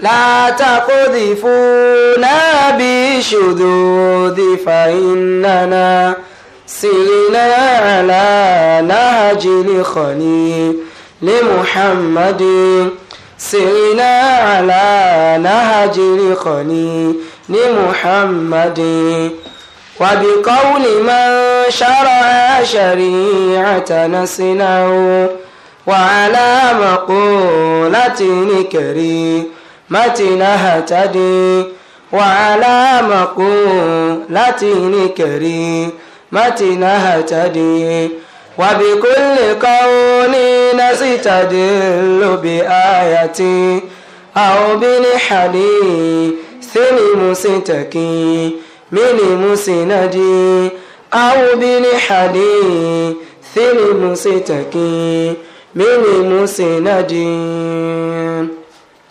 لا تقذفونا بشذوذ فإننا سرنا على نهج الخني لمحمد سرنا على نهج الخني لمحمد وبقول من شرع شريعتنا سنه وعلى مقولة كريم متنها تدي وعلى مقولة كريم متنها تدي وبكل قول نستدل بآية أو بالحديث لمستكي من مسندي أو بالحديث لمستكي من مسندي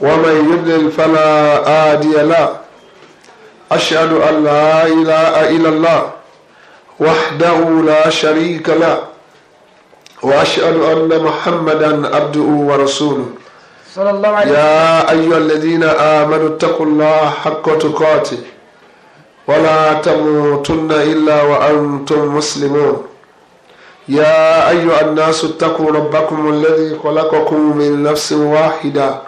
ومن يضلل فلا هادي له أشهد أن لا إله إلا الله وحده لا شريك له وأشهد أن محمدا عبده ورسوله صلى الله عليه وسلم يا أيها الذين آمنوا اتقوا الله حق تقاته ولا تموتن إلا وأنتم مسلمون يا أيها الناس اتقوا ربكم الذي خلقكم من نفس واحده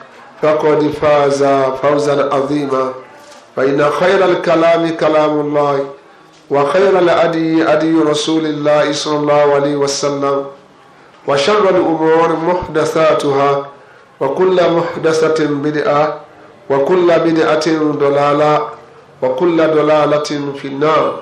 فقد فاز فوزا عظيما فإن خير الكلام كلام الله وخير الأدي أدي رسول الله صلى الله عليه وسلم وشر الأمور محدثاتها وكل محدثة بدعة وكل بدعة ضلالة وكل ضلالة في النار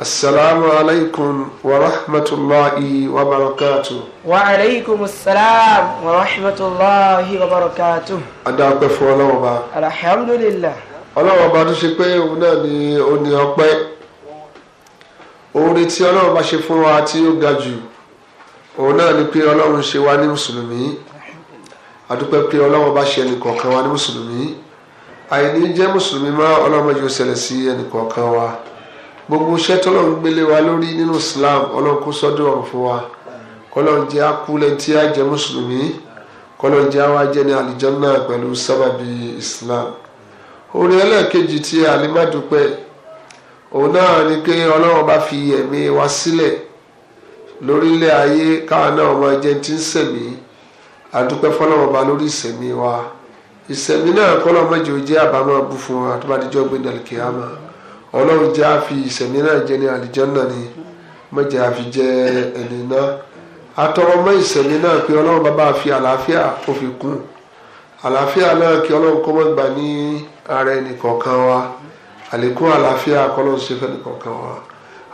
Assalamu alaikum wa rahmatulahi wa barakatu. Wa alaikum salam wa rahmatulahi wa barakatu. Adáàpẹ́ fún ọlọ́wọ́ bá. Alhamdulillah. Ọlọ́wọ́ bá tó ṣe pé òun náà ni ó ní ọpẹ́. Oore tí Ọlọ́run bá ṣe fún wa tí ó ga jù. Òun náà ni pé Ọlọ́run ṣe wá ní Mùsùlùmí. Adúpẹ́ pé Ọlọ́run bá ṣe ẹnìkọ̀ọ̀kan wa ní Mùsùlùmí. Àìní jẹ́ Mùsùlùmí mọ́ Ọlọ́run yóò ṣẹlẹ̀ sí ẹnìkọ̀ọ̀kan wa gbogbo iṣẹ́ tọ́lọ́run gbélé wa lórí nínú Islam ọlọ́run kó sọ́dọ̀ ọ̀run fún wa kọ́lọ́run jẹ́ akúlẹ̀ tí a jẹ́ mùsùlùmí kọ́lọ́run jẹ́ àwa jẹ́ ní àlìjọ́nà pẹ̀lú sábàbí Islam orí ẹlẹ́ẹ̀kejì tí alimadupẹ́ òun náà ni pé ọlọ́run bá fi ẹ̀mí wa sílẹ̀ lórílẹ̀ ayé káwa náà máa jẹ́ tí ń sẹ̀mí àdúpẹ́ fọlọ́run ba lórí ìsẹ̀mí wa ìsẹ̀mí náà kọ́lọ́run ọlọ́run jẹ́ àfi ìsẹ̀mí náà jẹ́ ní àlìjánná ni má jẹ́ àfi jẹ́ ẹni náà atọ́wọ́ mọ́ ìsẹ̀mí náà pé ọlọ́run bàbá àfi àlàáfíà kò fi kún àlàáfíà náà kí ọlọ́run kọ́ mọ́ gbà ní ara ẹnì kọ̀ọ̀kan wa àlékún àlàáfíà kọ́lọ́run ṣe fẹ́ ẹnì kọ̀ọ̀kan wa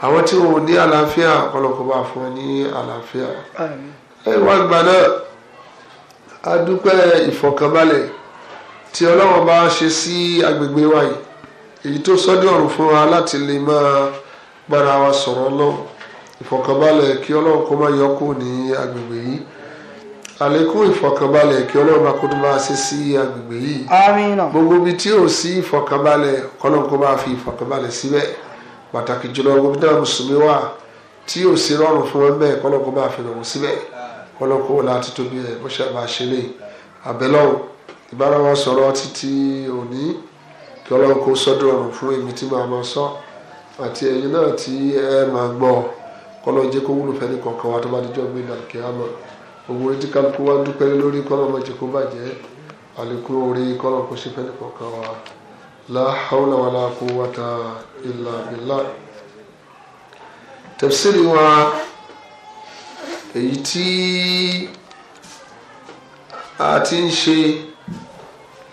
àwọn tí wọn ò ní àlàáfíà ọlọ́run kó bá fún wọn ní àlàáfíà ẹ wá gbà náà a ìfọ̀kànbalẹ̀ tí ọlọ́run bá ṣe sí agbègbè wa èyí tó sọ́dọ̀ ọ̀run fún wa láti lè máa bára wa sọ̀rọ̀ ọlọ́run ìfọ̀kànbalẹ̀ kí ọlọ́run kó má yọ kó ní agbègbè yìí àlékún ìfọ̀kànbalẹ̀ kí ọlọ́run máa kó tó máa ṣe sí agbègbè yìí gbogbo ibi tí ò sí ìfọ̀kànbalẹ̀ ọlọ́run kó máa fi ìfọ̀kànbalẹ̀ síbẹ̀ pàtàkì jùlọ gbogbo náà mùsùlùmí wà tí ò sí rọrùn fún wọn ọlọ́run kó máa fi rọrùn síbẹ̀ ọlọ́run kó wọlé àti tóbi rẹ̀ bó ṣe máa ṣe lè àbẹ̀lọ́run ìbára wọn kí ọlọ́run kó sọ́dọ̀ ọ̀run fún èmi tí màá máa sọ àti ẹ̀yin náà tí ẹ máa gbọ́ kọ́lọ́ jẹ́ kó wúlò fẹ́ ní kọ̀ọ̀kan wa tó bá dijọ́ gbé dà kí á mọ̀ òwò orí tí kálukú wá dúpẹ́ lórí kọ́lọ́ má jẹ́ kó bàjẹ́ àlékún orí kọ́lọ́ kó ṣe fẹ́ ní kọ̀ọ̀kan wa la hawla wala quwwata illa billah tafsiri wa èyí tí a ti ń ṣe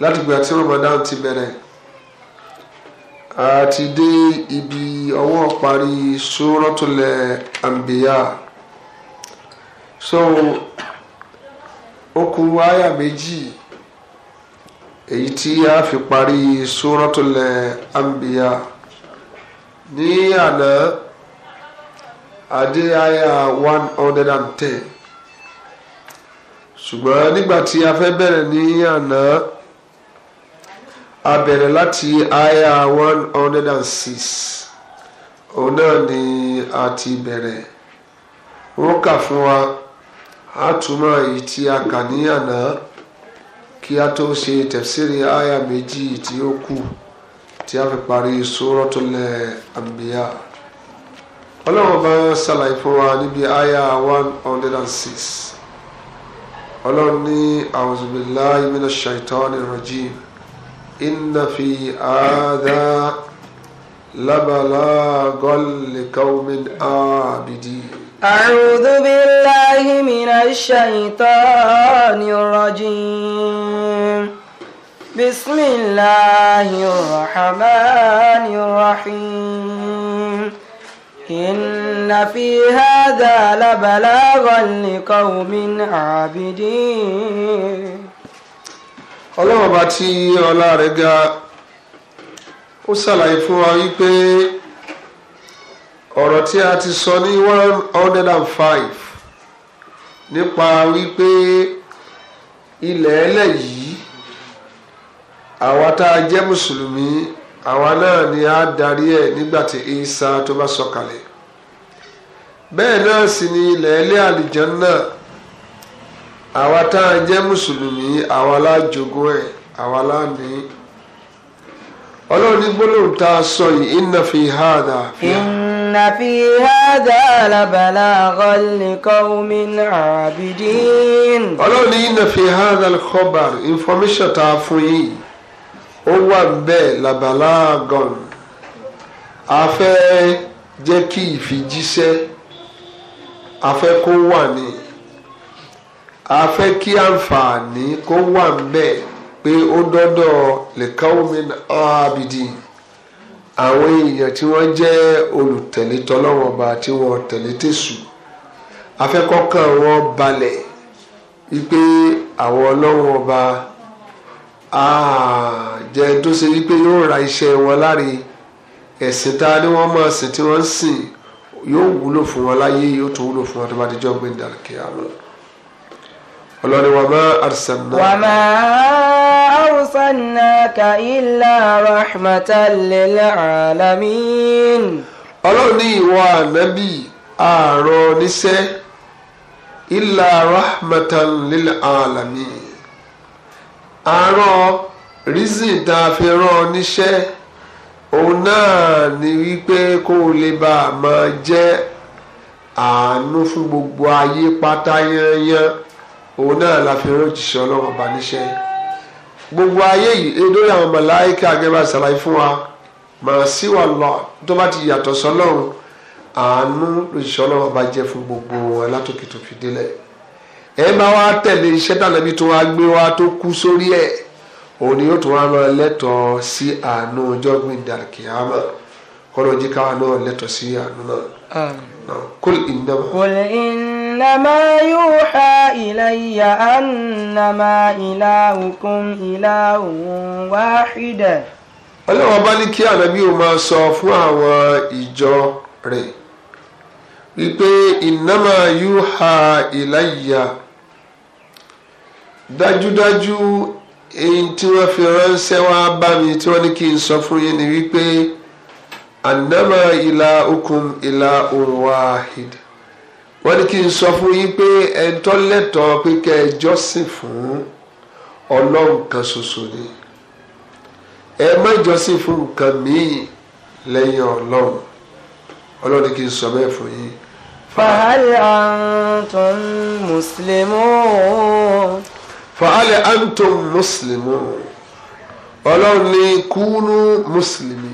láti gbà tí Ramadan ti bẹ̀rẹ̀ a ti dé ibi ọwọ́ parí Suratul Anbiya so ó kù àyà méjì èyí tí a fi parí Suratul Anbiya ní àná adé àyà one hundred and ten ṣùgbọ́n nígbà tí a fẹ́ bẹ̀rẹ̀ ní àná a bẹ̀rẹ̀ láti aya one hundred and six òun náà ni a ti bẹ̀rẹ̀ wọ́n kà fún wa a túmọ̀ èyí tí a kà ní àná kí a tó ṣe tẹ̀síìrì aya méjì tí ó kù tí a fi parí Suratul Anbiya ọlọ́run bá ṣàlàyé fún wa níbi aya one hundred and six ọlọ́run ní a'udhu billahi minash shaitani rajim. إن في هذا لبلاغا لقوم عابدين أعوذ بالله من الشيطان الرجيم بسم الله الرحمن الرحيم إن في هذا لبلاغا لقوم عابدين ọlọ́run ọba tí ọlá rẹ̀ ga ó ṣàlàyé fún wa wípé ọ̀rọ̀ tí a ti sọ ní one hundred and five nípa wípé ilẹ̀ ẹlẹ̀ yìí àwa tá a jẹ́ mùsùlùmí àwa náà ni a darí ẹ̀ nígbà tí Isa tó bá sọ̀kalẹ̀ bẹ́ẹ̀ náà sì ni ilẹ̀ ẹlẹ́ àlìjàn náà àwa tá à ń jẹ́ mùsùlùmí àwa lájogún ẹ̀ àwa láàní. ọlọ́run ní gbólóhùn tá a sọ yìí inna fi hàdà. inna fi hàdà làbàlà ọ̀lẹ́kọ̀ọ́mìn àbídín. ọlọ́run ní inna fi hàdà khabar information tá a fún yìí ó wà bẹ́ẹ̀ làbàlà gan. a fẹ́ jẹ́ kí ìfijíṣẹ́ a fẹ́ kó wà ní a fẹ́ kí àǹfààní kó wà ń bẹ̀ pé ó dọ́dọ̀ lè káwọ́mìn ábìdì àwọn èèyàn tí wọ́n jẹ́ olùtẹ̀lé tọ́lọ́wọ́n ọba tí wọ́n tẹ̀lé tẹ̀sù a fẹ́ kọ́kàn wọn balẹ̀ wípé àwọn ọlọ́wọ́n ọba jẹ́ tó ṣe wípé yóò ra iṣẹ́ wọn láre ẹ̀sìn tá a wọ́n máa sìn tí wọ́n ń sìn yóò wúlò fún wọn láyé yóò tún wúlò fún wọn tó bá ti jọ́ gbé dàkẹ́ àlọ́ ọlọ́ni wa ma arsalna. wa ma arsalnaka illa rahmatan lil alamin. ọlọ́run ní ìwọ ànábì àárọ̀ níṣẹ́ illa rahmatan lil alamin. àárọ̀ rizin tá a fi rán ọ níṣẹ́ òun náà ni wípé kó o lè bá a máa jẹ́ àánú fún gbogbo ayé pátá yányán òun náà la fi rọ́jìṣẹ́ ọlọ́run bá níṣẹ́ gbogbo ayé yìí edori àwọn màláíkà agẹ́bà ṣàlàyé fún wa màá sí wà lọ tó bá ti yàtọ̀ sọlọ́run àánú lòṣìṣẹ́ ọlọ́run bá jẹ́ fún gbogbo wọn látòkè tó fi délẹ̀ ẹ bá wá tẹ̀lé iṣẹ́ tàbí tó wá gbé wá tó kú sórí ẹ̀ òun ni yóò tún wá máa lẹ́tọ̀ọ́ sí àánú ọjọ́ gbìndàkìámà kọ́lọ́ọ̀jì káwa náà lẹ́tọ̀ọ́ sí àánú náà. kul innama. kul innama. إنما يوحى إلي أنما إلهكم إله واحد ọlọ́wọ́n bá ní kí ànábì ó máa sọ fún àwọn ìjọ rẹ̀ wípé ìnáma yúhà ìláyà dájúdájú èyí tí wọ́n fi ránṣẹ́ wá bá mi tí wọ́n ní kí n sọ fún yín ni wípé ànáma ìlà okùn ìlà òun wáhìdì wọ́n ní kí n sọ fún yín pé ẹ̀ńtọ́ lẹ́tọ̀ọ́ pé kẹ́ ẹ jọ́sìn fún ọlọ́run kan ṣoṣo ni ẹ má jọ́sìn fún nǹkan míì lẹ́yìn ọlọ́run ọlọ́run ní kí n sọ bẹ́ẹ̀ fún yín. fahal antum muslimun. fahal antum muslimun ọlọ́run ní kúnú mùsùlùmí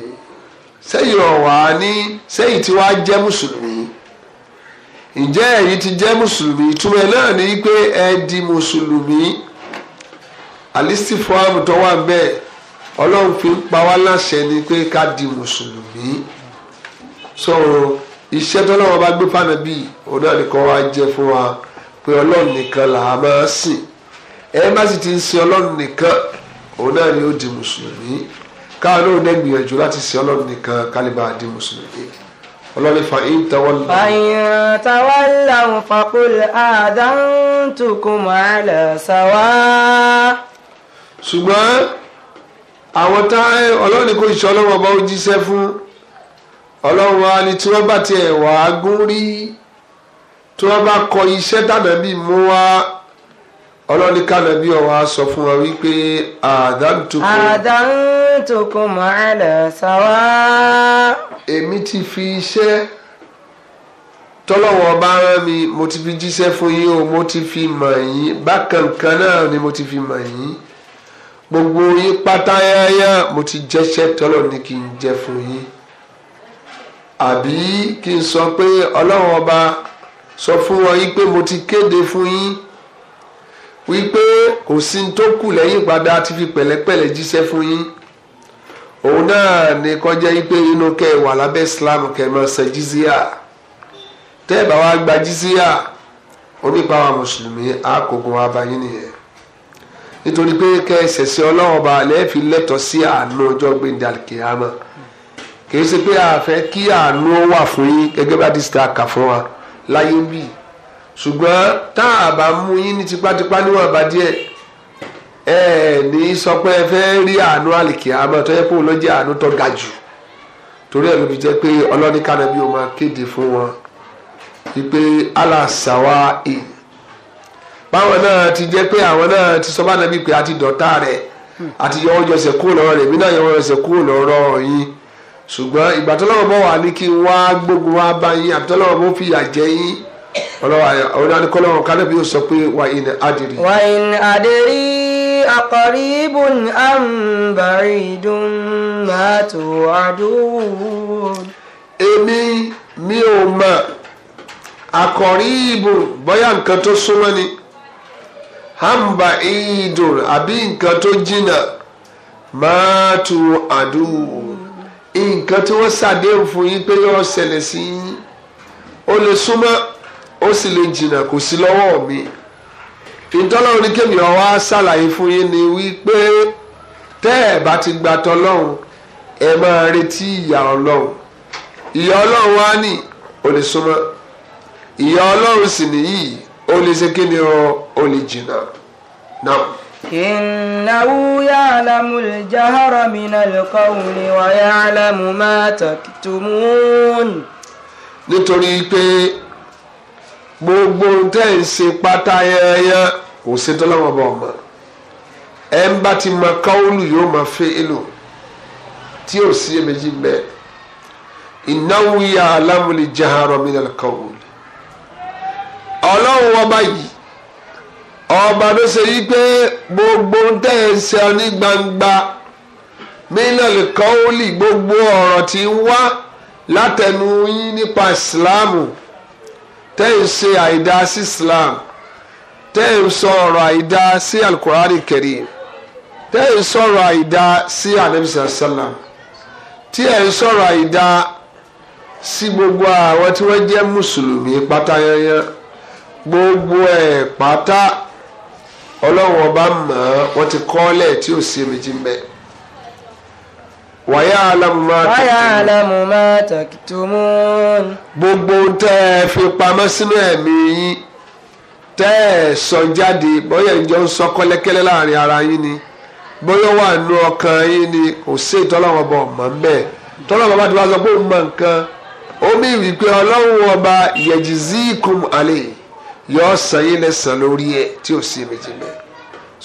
sẹ́yìn ọ̀wá ní sẹ́yìn tí wàá jẹ́ mùsùlùmí ǹjẹ́ ẹ̀yin ti jẹ́ mùsùlùmí ìtumọ̀ náà ni pé ẹ di mùsùlùmí alistifuamu tó wà bẹ́ẹ̀ ọlọ́run fi ń pa wá láṣẹ ni pé ká di mùsùlùmí so iṣẹ́ tó náà wọ́n bá gbé fànàbí òun náà nìkan wá jẹ́ fún wa pé ọlọ́run nìkan là á máa sìn ẹ má sì ti ń sin ọlọ́run nìkan òun náà ni ó di mùsùlùmí káwọn náà dẹ́gbìyànjú láti sin ọlọ́run nìkan kálíbà di mùsùlùmí ọlọ́ni fa in tawalla. fa in tawalla faqul adantukum ala sawa. ṣùgbọ́n àwọn tá ọlọ́ni kò ṣe ọlọ́run ọba ó jíṣẹ́ fún ọlọ́run wa ni tí wọ́n bá tiẹ̀ wàá gún rí tí wọ́n bá kọ iṣẹ́ tàbí mú wa ọlọ́ni kálẹ̀ bí ọ̀wá sọ fún wa wípé àdántukùn. àdántukùn màálà sáwá. èmi ti fi iṣẹ́ tọ́lọ́wọ́ bá rán mi mo ti fi jíṣẹ́ fún yín o mo ti fi mọ̀ yín bákan kan náà ni mo ti fi mọ̀ yín gbogbo yín pátáyáyá mo ti jẹ́ṣẹ́ tọ́lọ̀ ní kí n jẹ́ fún yín àbí kí n sọ pé ọlọ́wọ́ ọba sọ fún wọn yín pé mo ti kéde fún yín wípé kò sí ní tó kù lẹ́yìn padà ti fi pẹ̀lẹ́pẹ̀lẹ́ jíṣẹ́ fún yín òun náà ni kọjá wípé inú kẹ́ lábẹ́ Islam kẹ́ ṣe jizíà tẹ́ ẹ bá wá gba jizíà onípa wa mùsùlùmí àkókò wa nìyẹn nítorí pé kẹ́ ẹ ọlọ́run ọba lẹ́ẹ̀fi lẹ́tọ̀ọ́ sí àánú ọjọ́ gbẹ̀dàkìyàmọ́ kì í ṣe pé a fẹ́ kí àánú wà fún yín gẹ́gẹ́ bá ti ṣe àkà fún wa láyé ń ṣùgbọ́n tá a bá mú yín ní tipátipá níwọ̀n bá díẹ̀ ẹ ní sọ pé ẹ fẹ́ rí àánú àlìkè àmọ́ tó yẹ kó ló jẹ́ àánú tó ga jù torí ẹ̀ ló fi jẹ́ pé ọlọ́ni kánábí ó máa kéde fún wọn wípé aláṣàwá ì báwọn náà ti jẹ́ pé àwọn náà ti sọ bá nàbí pé a ti dọ̀tá rẹ̀ àti yọ ọjọ́ ẹsẹ̀ kúrò lọ́rọ̀ rẹ̀ mí náà yọ ọjọ́ ẹsẹ̀ kúrò lọ́rọ̀ yín ṣùgbọ́n ìgbà tó lọ́wọ́ bọ̀ wà ní kí n wá gbógun wá bá yín àbí tó lọ́wọ́ bó fìyà jẹ yín ọlọ́wọ́ àyà àwọn ìdáni kọ́lọ́wọ́ kálẹ́bí yóò sọ pé wà ìní adìrí. wà ìní adìrí aqaribun am baidun ma tu'adun. èmi mi ò mọ̀ aqaribun bóyá nǹkan tó súnmọ́ ni am baidun àbí nǹkan tó jìnnà ma tu'adun nǹkan tí wọ́n ṣàdéhùn fún yín pé yóò ṣẹlẹ̀ sí yín ó lè súnmọ́. ó sì lè jìnnà kò sí lọ́wọ́ mi ìtọ́lọ́run ní ọ̀wá ṣàlàyé fún yín ni wípé tẹ́ ẹ̀ bá ti gba tọ́lọ́run ẹ máa retí ìyà ọlọ́run ìyà ọlọ́run wá ní o lè súnmọ́ sì nìyí o lè ṣe kí ni o lè jìnnà náà. إنه يعلم الجهر من القول ويعلم ما تكتمون. nítorí pé gbogbo tẹ́ ń ṣe pátá yẹnyẹ kò ṣe tó lọ́wọ́ bọ̀ ọ̀mọ́ ẹ ń bá ti mọ káwọ́lù yóò mọ fẹ́ èlò tí ò sí èméjì bẹ́ẹ̀ ìnáwó ya alámúlì jaharọ̀ mi nàlẹ́ káwọ́lù ọlọ́run ọba yìí ọba ló ṣe yí pé gbogbo tẹ́ ń ṣe ní gbangba mi káwọ́lù gbogbo ọ̀rọ̀ tí ń wá látẹnu yín nípa ìsìláàmù tẹ́ ẹ̀ ń ṣe àìdá sí Islam tẹ́ ẹ̀ ń sọ ọ̀rọ̀ àìdá sí alukurari kẹrì tẹ́ ẹ̀ ń sọ̀rọ̀ àìdá sí anabisa salam tí ẹ̀ ń sọ̀rọ̀ àìdá sí gbogbo àwọn tí wọ́n jẹ́ mùsùlùmí pátá yẹnyẹn gbogbo ẹ̀ pátá ọlọ́wọ́n bá mọ̀ ọ́ wọ́n ti kọ́ ọ́ lẹ̀ tí ò sí èmi jí mbẹ́ wàyàlàmù máa tẹ̀kùtùmù. wàyàlàmù máa tẹ̀kùtùmù. gbogbo tẹ́ ẹ fi pamọ́ sínú ẹ̀mí yín tẹ́ ẹ sọ jáde bóyá ìjọ ń sọ kọ́lẹ́kẹ́lẹ́ láàrin ara yín ni bóyá wà nù ọkàn yín ni kò sí ìtọ́lọ́wọ́ bọ̀ mọ́ bẹ́ẹ̀ tọ́lọ́wọ́ bá ti wá sọ pé ó mọ nǹkan ó wípé ọlọ́run ọba yẹ̀jì zíkùn àlè yọ ọ̀sán yín lẹ́sàn lórí ẹ̀ tí ò sí èmi jì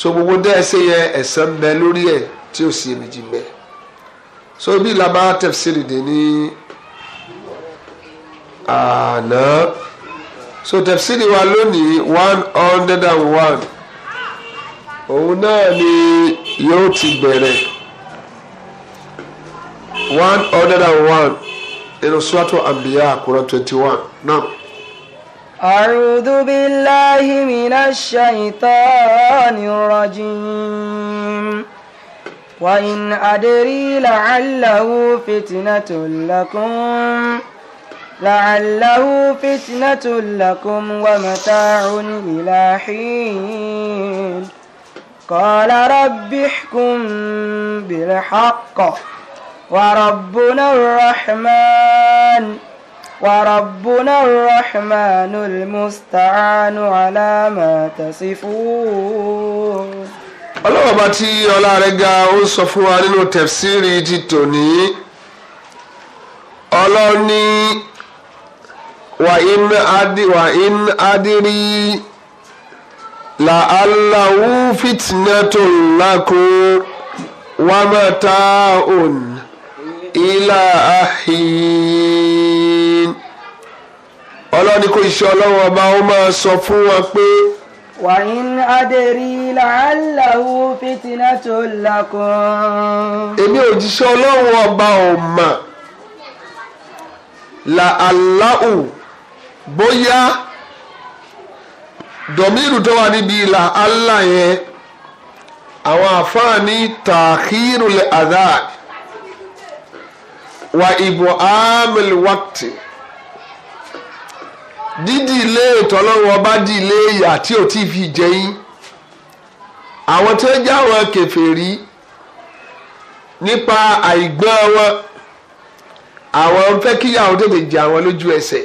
so gbogbo tẹ́ ẹ ṣe yẹ ẹ̀san bẹ lórí ẹ̀ tí ò sí èmi jì so bí laba tafsiri dé ní àná so tafsiri wa lónìí one hundred and one òun náà ni yóò ti bẹ̀rẹ̀ one hundred and one nínú suratu anbiya Quran twenty one náà. أعوذ بالله من الشيطان الرجيم وإن أدري لعله فتنة لكم لعله فتنة لكم ومتاع إلى حين قال رب احكم بالحق وربنا الرحمن وربنا الرحمن المستعان على ما تصفون ọlọ́wọ́ bá tí ọlá rẹ̀ ga ó sọ fún wa nínú tẹ̀fsíìrì ti tòní ọlọ́ni wà in adiri la'allahu fitnatun lakum wa mata'un ila ọlọ́ni kò iṣẹ́ ọlọ́wọ́ ó máa sọ fún wa pé. وإن أدري لعله فتنة لكم. èmi òjíṣẹ́ ọlọ́run ọba ò mọ̀ la aláhù bóyá dọ̀míìrù tó wà níbi la alá yẹn àwọn àfáà ní tàkírùlẹ̀ azad wa ibu amil wákìtì dídì ilé ètò ọlọ́run ọba dì ilé ìyà tí ò tí fi jẹ yín àwọn tí ó já wọn kèfèrí nípa àìgbọ́n wọn àwọn fẹ́ kí àwọn tètè jẹ àwọn lójú ẹsẹ̀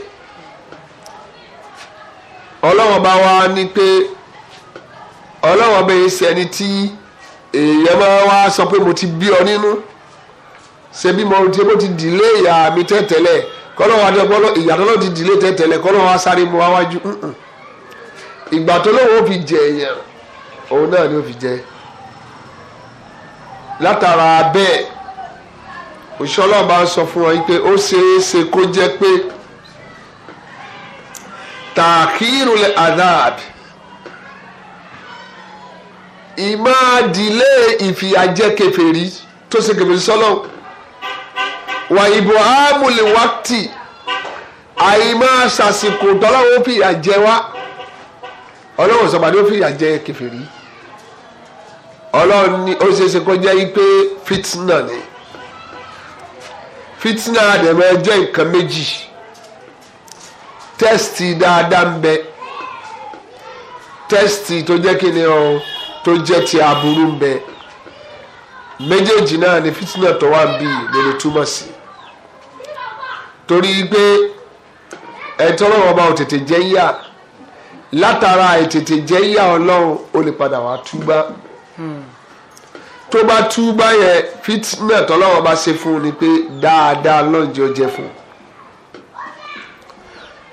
ọlọ́run ọba wa ní pé ọlọ́run ọba yìí sẹ́ni tí èèyàn máa wá sọ pé mo ti bí ọ nínú ṣebí mo ti dìlé ìyá mi tẹ́tẹ́lẹ̀ kọ́lọ́wọ́ adé ọpọlọ ìyàtọ̀ náà ti dìlé tẹ́tẹ́lẹ̀ kọ́lọ́wọ́ asáré mu wáwájú ìgbà tó lóun ó fi jẹ èèyàn òun náà ni ó fi jẹ látara bẹ́ẹ̀ òṣìṣẹ́ ọlọ́run bá ń sọ fún wọn pé ó ṣeé ṣe kó jẹ́ pé tàkírul adab ìmáàdílé ìfìyàjẹ kèfèrí tó ṣe kèfèrí sọ́lọ́run wà ìbò áàmùlì wákìtì àìmọ́ sàsìkò tọ́lọ́wọ́ fìyà jẹ wá ọlọ́run sọ̀bàdé ó fìyà jẹ kẹfìrí ọlọ́run ní ó ṣeéṣe kó jẹ́ pé fitna ni fitna àdẹ̀mọ́ jẹ́ nǹkan méjì tẹ́sítì dáadáa ń bẹ tẹ́sítì tó jẹ́ kí ni ọ tó jẹ́ ti aburú ń bẹ méjèèjì náà ni fitna tó wà ń bì lè túmọ̀ sí i torí pé ẹ̀tọ́ ọlọ́run ọba ò tètè jẹ́ yà látara ètètè jẹ́ yà ọlọ́run ó lè padà wá túbá hmm. tó bá túbá yẹn fitna tọ́lọ́run ọba ṣe fún un ni pé dáadáa lọ́njẹ́ ó jẹ́ fún un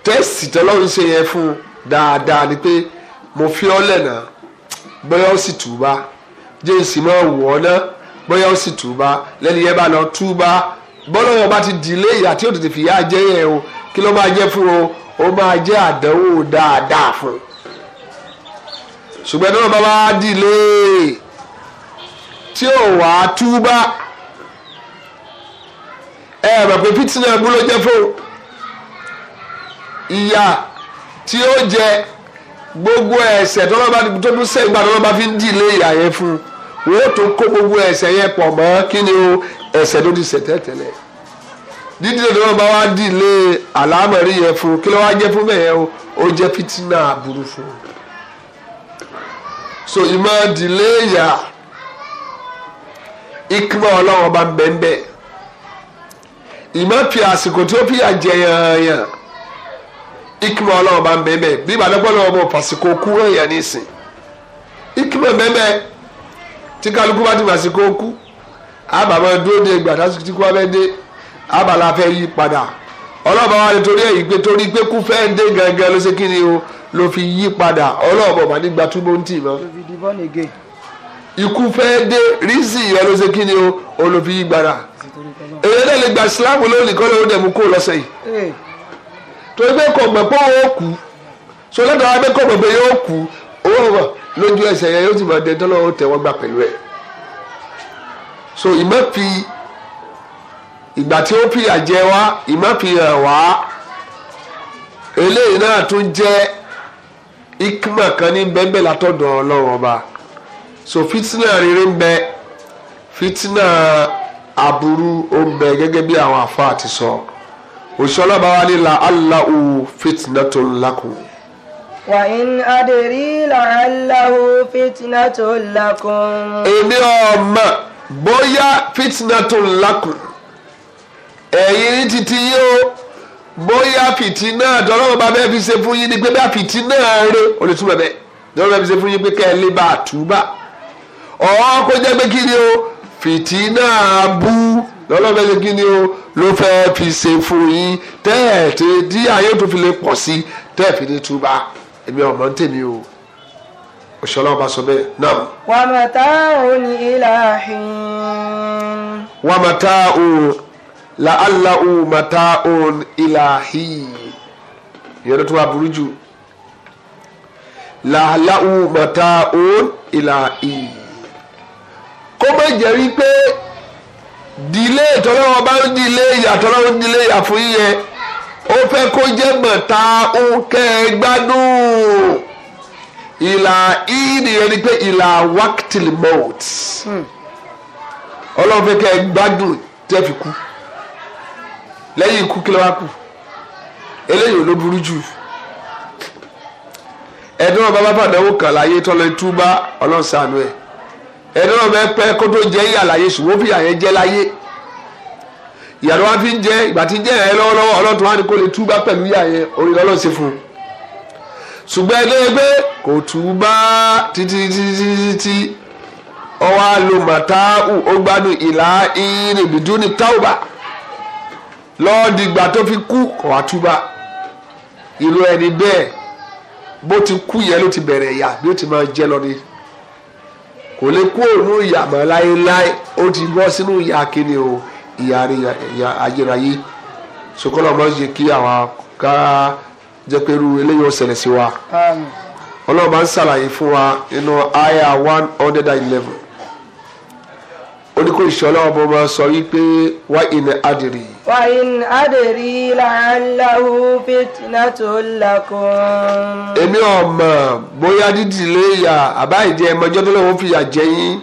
tẹ́sì tọ́lọ́run ṣe yẹn fún un dáadáa ni pé mo fi ọ́ lẹ́nà bóyá ó sì túbá jésì máa wọ̀ ọ́ ná bóyá ó sì túbá lẹ́nu yẹn bá lọ túbá bọ́lá yẹn bá ti dìlé ìyá tí ó tètè fìyà jẹ yẹn o kí ló máa jẹ fún o ó máa jẹ àdánwò dáadáa fún ṣùgbọ́n náà bá wá dìlé tí ò wá túbá ẹ rẹ̀ pé fìtínà ẹ̀bú ló jẹ́ fún ìyá tí ó jẹ gbogbo ẹ̀ṣẹ̀ tó lọ́ba tó tún sẹ́yìn gbà tó lọ́ba fi ń dìlé ìyá yẹn fún wọ́n tó kó gbogbo ẹ̀ṣẹ̀ yẹn pọ̀ mọ́ kí ni o ẹ̀ṣẹ̀ ló di sẹ̀tẹ̀ tẹ́lẹ̀ dídílé tó wọn bá wá dì lé àlámọ̀rí yẹn fún kí ló wá jẹ́ fún bẹ́ẹ̀ o ó jẹ́ fìtínà aburú fún so ìmọ̀ dìlé yà ìkímọ̀ ọlọ́wọ́n bá ń bẹ́ẹ̀ bẹ́ẹ̀ ìmọ̀ fi àsìkò tí ó fi yà jẹ yànyàn ìkímọ̀ ọlọ́wọ́n bá ń bẹ́ẹ̀ bẹ́ẹ̀ bí ìbàdàn pọ̀ lọ́wọ́ bọ̀ fàsìkò kú rẹ̀ yẹn nísìn ìkímọ̀ bẹ́ẹ̀ bẹ́ẹ̀ tí kálukú bá ti fàsìkò kú àbàbọ̀ dúró de ìgbà tásìkò tí kú abẹ́ dé àbàlà fẹ́ yí padà ọlọ́ọ̀bà wa nítorí ẹ̀ yìí pé torí pé kú fẹ́ dé gangan ló ṣe kí ni o ló fi yí padà ọlọ́ọ̀bà ọ̀bà nígbà túbọ̀ ń tì mọ́ ikú fẹ́ dé rísì ìyẹn ló ṣe kí ni o o ló fi yí padà èyí náà lè gba ìsìláàmù lónìí kọ́ lóun dẹ̀mú kó lọ́sẹ̀ yìí eh. torí pé kò gbẹ̀ pé òun ó kú so lọ́dọ̀ wa pé kò gbẹ̀ pé yóò kú owó lójú ẹsẹ̀ yẹn yóò ti máa dẹ tọ́lọ́wọ́ so ìmọ̀ fi ìgbà tí ó fìyà jẹ wá ìmọ̀ fi hàn wá eléyìí náà tún jẹ́ ikma kan ní bẹ́ẹ̀bẹ́ látọ̀dọ̀ ọlọ́run ọba so fitina rere ń bẹ fitina aburú ó ń bẹ gẹ́gẹ́ bí àwọn àfa ti sọ òṣìṣẹ́ ọlọ́ba wa ní la Allahu fitnatun lakum. وإن أدري لعله فتنة لكم. èmi ọmọ bóyá fitnatun lakum ẹ̀yin ní titi yìí o bóyá fìtínà tọ́lọ́wọ́ bá bẹ́ẹ̀ fi ṣe fún yín ni pé bá fìtínà rẹ o lè túbọ̀ bẹ́ẹ̀ tọ́lọ́wọ́ bá fi ṣe fún yín pé kẹ́ ẹ lè bá a túbà ọ̀hún kó jẹ́ pé kí ni o fìtínà bú lọ́lọ́wọ́ bẹ́ẹ̀ ṣe kí ni o ló fẹ́ fi ṣe fún yín tẹ́ẹ̀ tí ayé tó fi lè pọ̀ sí tẹ́ẹ̀ fi ní túbà èmi ọ̀mọ́ ń tèmi o òṣèlú ọba sọ bẹ́ẹ̀ náà. wà á máa ta òun ilà hìn. wà á máa ta òun làálà òun máa ta òun ilà hìn. ìyẹn ló wà burú jù làálà òun máa ta òun ilà hìn. kó má jẹ́ rí pé ìtọ́lọ́wọ́ bá ń dìlé ìyàtọ́lọ́wọ́ ń dìlé ìyàfún yẹn ó fẹ́ kó jẹ́ mọ̀ta òun kẹ́ ẹ gbádùn ìlà ìdí yẹn ni pé ìlà wákìtìlì mọ́ọ̀t ọlọ́run fẹ́ kẹ́ ẹ gbádùn tẹ́ fi kú lẹ́yìn ikú kí ló wá kù eléyìí ló burú jù ẹ̀dùn ọba bá fàdánwò kàn láyé tọ́lẹ̀ túbá ọlọ́run ṣàánú ẹ̀ ẹ̀dùn ọba pẹ́ kó tó jẹ́ ìyà láyé ṣùgbọ́n fìyà yẹn jẹ́ láyé ìyàrá wa fi ń jẹ ìgbà tí ń jẹ ẹ lọ́wọ́lọ́wọ́ ọlọ́run tó wá kó lè túbá pẹ̀lú ìyà yẹn orí ọlọ́run fún un ṣùgbọ́n ẹgbẹ́ pé kò tù ú bá títí títí títí ọwọ́ àlò màtáù ó gbádùn ìlà irin bìdún ní táùbà lọ́ọ́dìgbà tó fi kú kò wá túbà irú ẹni bẹ́ẹ̀ bó ti kú yẹn ló ti bẹ̀rẹ̀ ìyà bí ó ti máa jẹ́ lọ ni kò lè kú òun ìyà láéláé ó ti bọ́ sínú ìyà kíni o ìyà ayérayé sokolo ọmọ yìí kí àwọn ká jẹ́ pé irú eléyìí ó ṣẹlẹ̀ sí wa ọlọ́run bá ń ṣàlàyé fún wa nínú aya one hundred and eleven oníkó ìṣọlá ọmọ ọmọ sọ wípé wá in adìrí. wá in adìrí làálàhù fitnatu lakum. èmi ò mọ̀ bóyá dídì lè yà àbá ìdí ẹ̀mọ́jọ́ tó lọ́wọ́ fìyà jẹ yín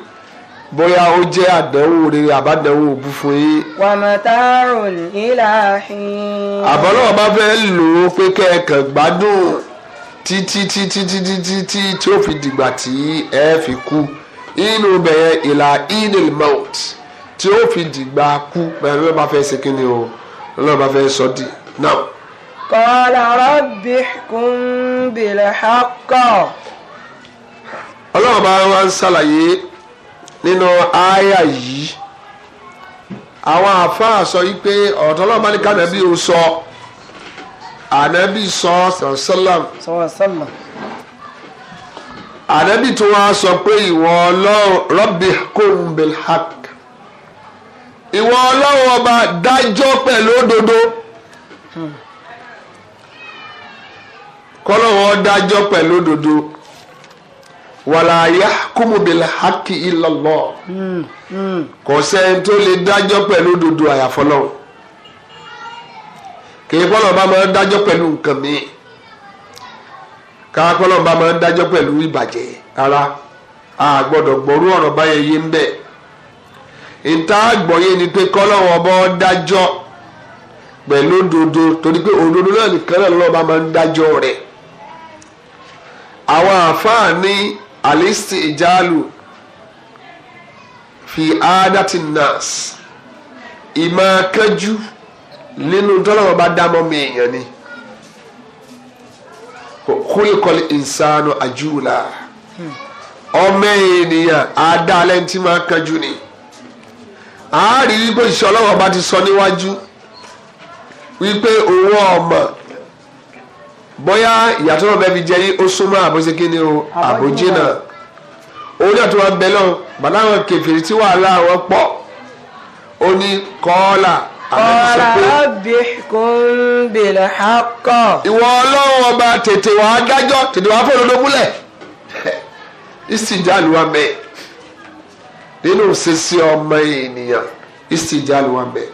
bóyá ó jẹ́ àdánwò rere àbádánwò òbu fún yín. wàmọ̀tárò ní ìlàhìn. àbọ̀lọ́wọ́ bá fẹ́ lò ó pé kẹ́ẹ̀kan gbádùn títí títí títí títí tí ó fi dìgbà tí ẹ fi kú inú bẹ̀yẹ ìlà inel mount tí ó fi dìgbà kú bẹ́ẹ̀ bí wọ́n bá fẹ́ ṣe kí ni o lọ́nà bá fẹ́ sọ di náà. kọ́lá rọ́bì kún bìlẹ̀ hákọ́. ọlọ́run bá wá ń ṣàlàyé nínú àyà yìí àwọn àfáà sọ yìí pé ọ̀tọ̀ lọ́wọ́ máa ní kànábì ó sọ ànábì sọ sàlám ànábì tó wá sọ pé ìwọ ọlọ́run rọ́bì kóńbìl hak ìwọ ọlọ́run ọba dájọ́ pẹ̀lú òdodo hmm. kọ́lọ́wọ́ dájọ́ pẹ̀lú òdodo. Hmm wàlà yahkumu bil haqqi illa Allah hmm, hmm. kò sẹ́ni tó lè dájọ́ pẹ̀lú dodo àyàfọ́lọ́ kìí pọ́lọ̀ bá máa ń dájọ́ pẹ̀lú nǹkan mi ká pọ́lọ̀ bá máa ń dájọ́ pẹ̀lú ìbàjẹ́ ara a gbọ́dọ̀ gbọ́rú ọ̀rọ̀ báyẹn yé ń bẹ̀ ìta àgbọ̀yé ni pé kọ́lọ́wọ́ bọ́ dájọ́ pẹ̀lú dodo torí pé òdodo náà nìkan náà lọ́wọ́ máa dájọ́ rẹ̀ àwọn àfáà ní alisti ìjálù fi àádátì nas ìmọ̀ kánjú nínú tọ́lọ́wọ́ bá dá mọ́ mi èèyàn ni kúlìkọ́lì ìsánú àjúùlà ọmọ ènìyàn àádáalẹ́ tí máa kánjú ni àárí wípé ìṣọlọ́wọ́ bá ti sọ níwájú wípé òun ọmọ bóyá ìyàtọ̀ náà bẹ́ẹ̀ fi jẹ́ ní ó súnmọ́ kí ni o àbójínà òun náà tó wá lọ bàláwọn kẹfìrì tí wàhálà wọn pọ̀ ó ní kọ́ọ́là kọ́ọ́là rọ́bì kùnbìlẹ̀ hákọ́. ìwọ ọlọ́run ọba tètè wàá dájọ́ tètè wàá fọ́ olódógúnlẹ̀ ìsìnjà ló wà bẹ́ẹ̀ nínú sísí ọmọ ènìyàn ìsìnjà ló wà bẹ́ẹ̀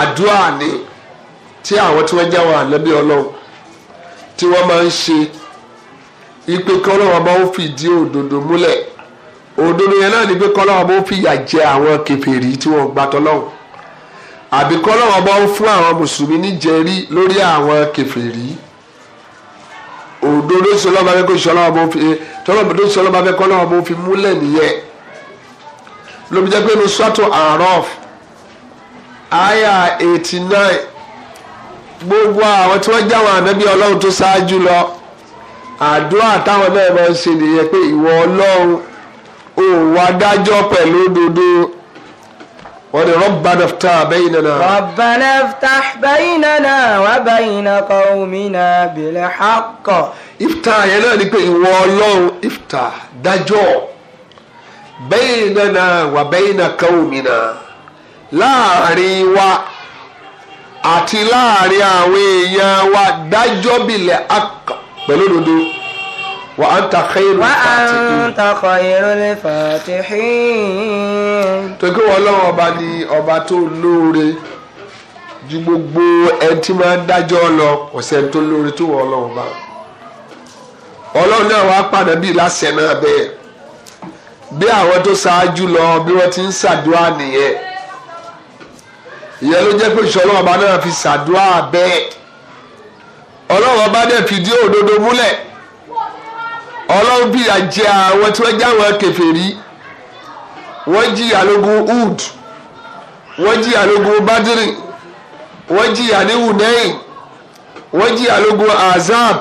àdúrà ni tí àwọn tí wọ́n jáwọ́ ànábì ọlọ́run tí wọ́n máa ń ṣe ipe kọ́lọ́wọ́ bá ó fìdí òdodo múlẹ̀ òdodo yẹn náà ni pé kọ́lọ́wọ́ bá ó fìyà jẹ àwọn kèfèrí tí wọ́n gbà tọ́lọ́run àbí kọ́lọ́wọ́ bá ó fún àwọn mùsùlùmí níjẹ̀rí lórí àwọn kèfèrí òdodo sọlọ́ba fẹ́ kó sọlọ́ba bó fi tọ́lọ́bùdó sọlọ́ba fẹ́ kọ́lọ́ba bó fi múlẹ̀ nìyẹn lóbi jẹ́ pé ní sọ́tò àrọ́f àyà eighty nine gbogbo àwọn tí wọ́n jáwọn ànábì ọlọ́run tó ṣáájú lọ àdúrà táwọn náà máa ń ṣe nìyẹn pé ìwọ ọlọ́run ò wá dájọ́ pẹ̀lú òdodo wọ́n ní rabbana iftah baynana. rabbana iftah baynana wa bayna qawmina bil haqq. yẹn náà ni pé ìwọ ọlọ́run iftah dájọ́ baynana wa bayna láàrin wa àti láàrin àwọn èèyàn wa dájọ́ bilẹ̀ akọ pẹ̀lú òdodo wa anta khairul fatihin. wa anta khairul fatihin. tókè wọn lọ́wọ́ ọba ni ọba tó lóore ju gbogbo ẹni tí máa ń dájọ́ lọ kò sẹ́ni tó lóore tó wọ́n lọ́wọ́ ọba. ọlọ́run náà wàá padà bíi lásẹ̀ náà bẹ́ẹ̀ bí àwọn tó ṣáájú lọ bí wọ́n ti ń ṣàdúrà nìyẹn ìyẹn ló jẹ́ pé ìṣọ̀lọ́ ọba náà fi ṣàdúrà bẹ́ẹ̀ ọlọ́run ọba dẹ̀ fìdí òdodo múlẹ̀ ọlọ́run bìyà jẹ àwọn tí wọ́n jẹ́ àwọn kèfèrí wọ́n jìyà lógun Uhud wọ́n jìyà lógun Badiri wọ́n jìyà ní Hunain wọ́n jìyà lógun Azab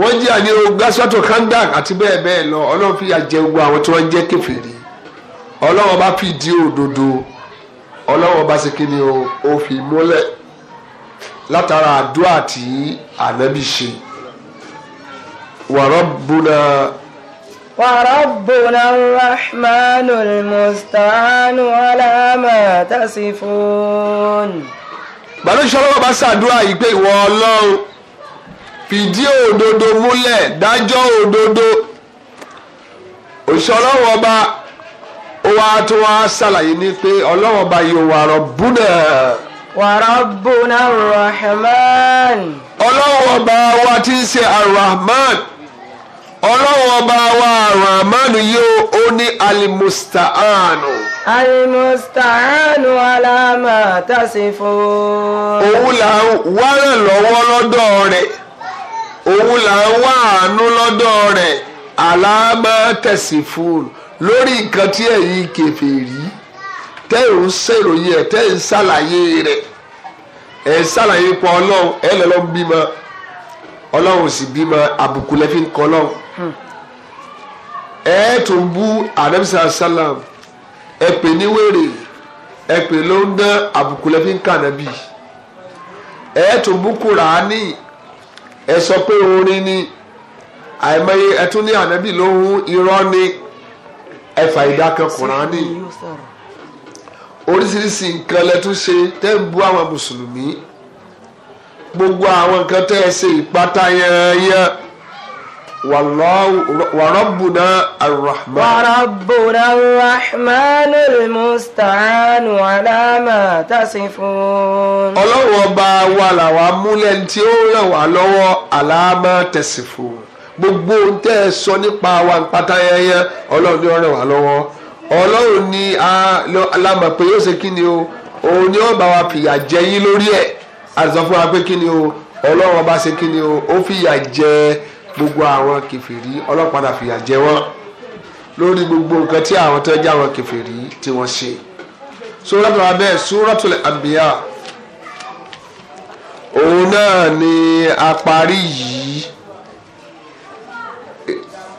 wọ́n jìyà ní gaswato Khandak àti bẹ́ẹ̀ bẹ́ẹ̀ lọ ọlọ́run fìyà jẹ gbogbo àwọn tí wọ́n jẹ́ kèfèrí ọlọ́run ọba fìdí òdodo ọlọ́wọ́ bá ṣe kí ni o ó fi múlẹ̀ látara àdúrà tí ànábì ṣe wa rabbuna. wa rabbuna rahmanu al-musta'anu ala ma tasifun. gbàdúrà ìṣọ́lọ́wọ́ ṣàdúrà yìí pé ìwọ ọlọ́run fìdí òdodo múlẹ̀ dájọ́ òdodo òṣọ́lọ́wọ́ bá ó wá tó wá ṣàlàyé ní pé ọlọ́wọ́n bá yóò wà Rabbuna. wa Rabbuna Rahman. ọlọ́wọ́n bá wa ti ń ṣe Ar-Rahman ọlọ́wọ́n bá wa Ar-Rahman yóò ó ní Al-Musta'anu. Al-Musta'anu ala ma tasifun. òun là ń wárẹ̀ lọ́wọ́ lọ́dọ̀ rẹ̀ òun là ń wá àánú lọ́dọ̀ rẹ̀ ala ma lórí nǹkan tí ẹ̀yin kèfèrí tẹ́ ò ń ṣèròyìn ẹ̀ tẹ́ ń ṣàlàyé rẹ̀ ẹ̀ ń ṣàlàyé pọ̀ ọlọ́run ẹ̀ lọ́lọ́ bímọ ọlọ́run sì bímọ àbùkù lẹ́fí ń kọ́ ọlọ́run ẹ̀ tó ń bú àdẹ́bísà sálàm ẹ̀ pè ní wèrè ẹ̀ pè ló ń dán àbùkù lẹ́fí ń kà nábì ẹ̀ tó ń bú kùránì ẹ̀ sọ pé orin ni àìmọye ẹ̀ tún ní ànábì lóhun irọ́ ni. Hmm ẹ fàyídà kan kùránì oríṣiríṣi nǹkan lẹ tún ṣe tẹ́ ń bú àwọn mùsùlùmí gbogbo àwọn nǹkan tẹ́ ẹ ṣe ìpátá yẹnyẹn wàrọ́bùnà arahman. wàrọ́bùnà arahman musta'an alama tasifun. ọlọ́run ọba wa làwa múlẹ̀ tí ó ràn wá lọ́wọ́ alama tasifun gbogbo ohun tẹ́ ẹ sọ nípa wa pátá yẹnyẹn ọlọ́run ní ọ̀rẹ́ wa lọ́wọ́ ọlọ́run ní alámọ̀ pé yóò ṣe kí o òun ni wọ́n bá wa fìyà jẹ yín lórí ẹ̀ àti sọ fún wa pé kí o ọlọ́run ọba ṣe kí o ó fìyà jẹ gbogbo àwọn kẹfìrí ọlọ́run padà fìyà jẹ wọ́n lórí gbogbo nǹkan tí àwọn tó jẹ́ àwọn kẹfìrí tí wọ́n ṣe sóràtúlẹ̀ abẹ́ sóràtúlẹ̀ àbíyá òun náà ni a parí yìí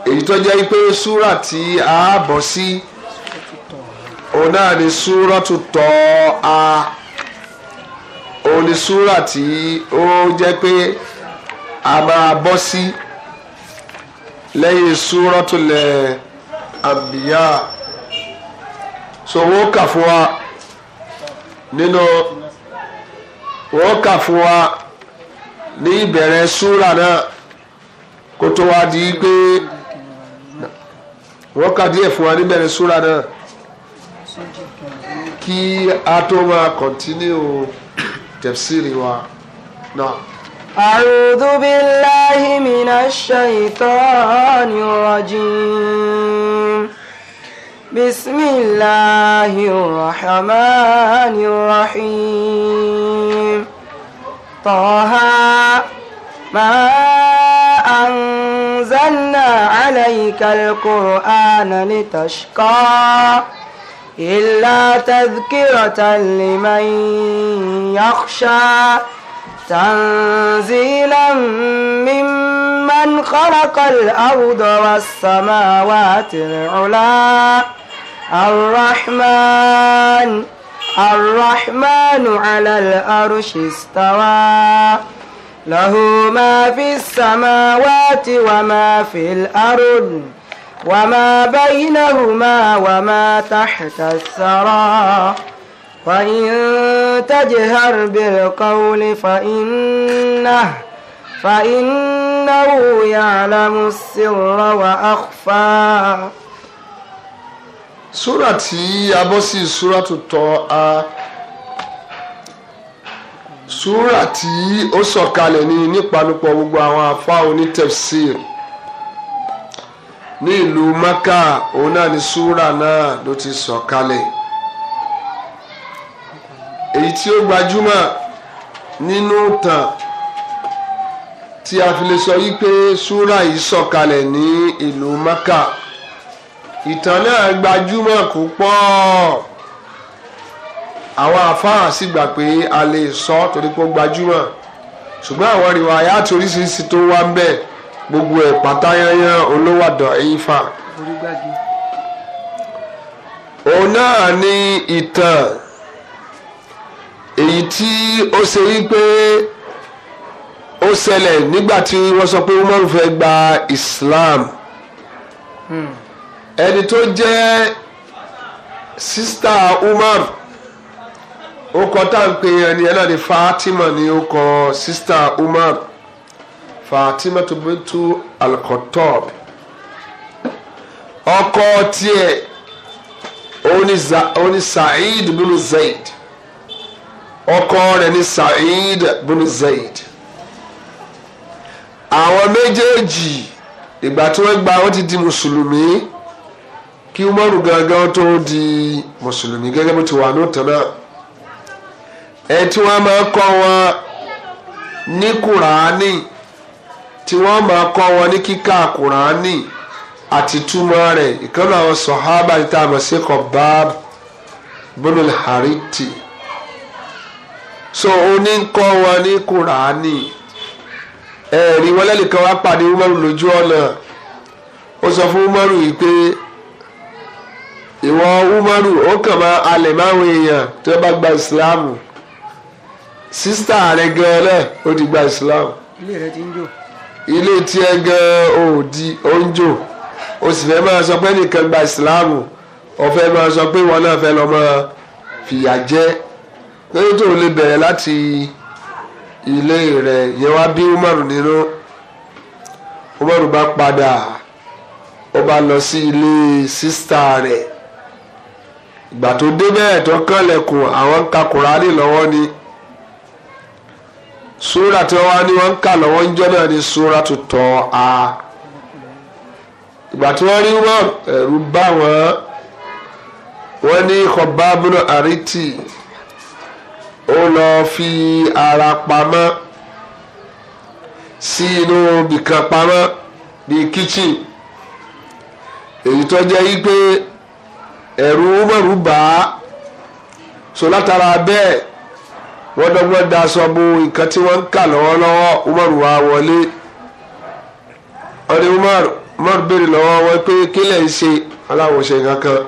èyí tó jẹ́ pé súrà tí a bọ̀ sí òun náà ni súrà tó tọ́ a òun ni súrà tí ó jẹ́ pé a máa bọ́ sí lẹ́yìn súrà tó lẹ̀ àbíyá so wọ́n kà fún wa nínú wọ́n kà fún wa ní ìbẹ̀rẹ̀ súrà náà kó tó wá di pé wọ́n kà díẹ̀ fún wa níbẹ̀rẹ̀ súra náà kí a tó máa kọ̀ntínú tẹ̀síìrì wa náà. أعوذ بالله من الشيطان الرجيم بسم الله الرحمن الرحيم طه ما أنت أنزلنا عليك القرآن لتشقى إلا تذكرة لمن يخشى تنزيلا ممن خلق الأرض والسماوات العلا الرحمن الرحمن على الأرش استوى له ما في السماوات وما في الأرض وما بينهما وما تحت الثرى وإن تجهر بالقول فإنه فإنه يعلم السر وأخفى سورة أبوسي سورة الطاعة súrà tí ó sọ̀kalẹ̀ ní nípanupọ̀ gbogbo àwọn afá onítẹ̀fsír ní ìlú maka òun náà ni súrà náà ló ti sọ̀kalẹ̀ èyí tí ó gbajúmọ̀ nínú tàn tí a fi lè sọ wípé súrà yìí sọ̀kalẹ̀ ní ìlú maka ìtàn náà gbajúmọ̀ púpọ̀ àwọn àfáà sì gbà pé a lè sọ torí pé ó gbajúmọ̀ ṣùgbọ́n àwọn ìwà àyàtò oríṣiríṣi tó wá ń bẹ gbogbo ẹ̀ pátáyányán olówàdàn ẹ̀yìnfà. òun náà ni ìtàn èyí tí ó ṣe wípé ó ṣẹlẹ̀ nígbà tí wọ́n sọ pé Umaru fẹ́ gba Islam hmm. ẹni tó jẹ́ sísítà Umaru ó kọ tá à ń pè yẹn ni Fatima ni ó kọ sista Umar Fatima tó bí tú Al-Khattab ọkọ tiẹ̀ ó ní Sa'id bunu Zaid ọkọ rẹ̀ ní Sa'id bunu Zaid àwọn méjèèjì ìgbà tí wọ́n gba wọ́n ti di mùsùlùmí kí umaru gangan tó di mùsùlùmí gẹ́gẹ́ bó ti wà ní òtún náà ẹ tí wọ́n máa kọ́ wọn ní kùránì tí wọ́n máa kọ́ wọn ní kíkà kùránì àti túmọ̀ rẹ̀ ìkànnì àwọn sọ̀hábà ní tá a mọ̀ sí Khabbab bunul Hariti so oní ń kọ́ wọn ní kùránì ẹ̀rí wọn lẹ́nìkan wá pàdé Umaru lójú ọ̀nà ó sọ fún Umaru yìí pé ìwọ Umaru ó kàn máa alẹ̀ máwọn èèyàn tí bá gba ìsìláàmù sísítà rẹ gan lẹ ó ti gba islam ilé rẹ ti ń jò ilé tiẹ̀ gan ò di ó ń jò o sì fẹ́ máa sọ pé nìkan gba islam o fẹ́ máa sọ pé wọn náà fẹ́ lọ máa fìyà jẹ lórí tó lè bẹ̀rẹ̀ láti ilé rẹ yẹn wá bí umaru nínú umaru bá padà ó bá lọ sí ilé sísítà rẹ ìgbà tó débẹ̀ tó kànlẹ̀kùn àwọn ka lọ́wọ́ ni. Lo Sura tí wọ́n wá ní wọ́n ń kà lọ́wọ́ ń jọ́ náà ní súra tó tọ́ a ìgbà tí wọ́n rí wọn ẹ̀rù bá wọn wọ́n ní kọ̀bábùnà àrítì ó lọ fi ara pamọ́ sí inú bìkan pamọ́ bíi kíchìn èyí tó jẹ́ yí pé ẹ̀rù mọ̀rù bá so látara bẹ́ẹ̀ wọ́n dọ́gbọ́n daṣọ bo nǹkan tí wọ́n ń kà lọ́wọ́lọ́wọ́ Umar wá wọlé ọdún Umar Umar béèrè lọ́wọ́ wọn pé kí lẹ̀ ń ṣe aláwòṣe kankan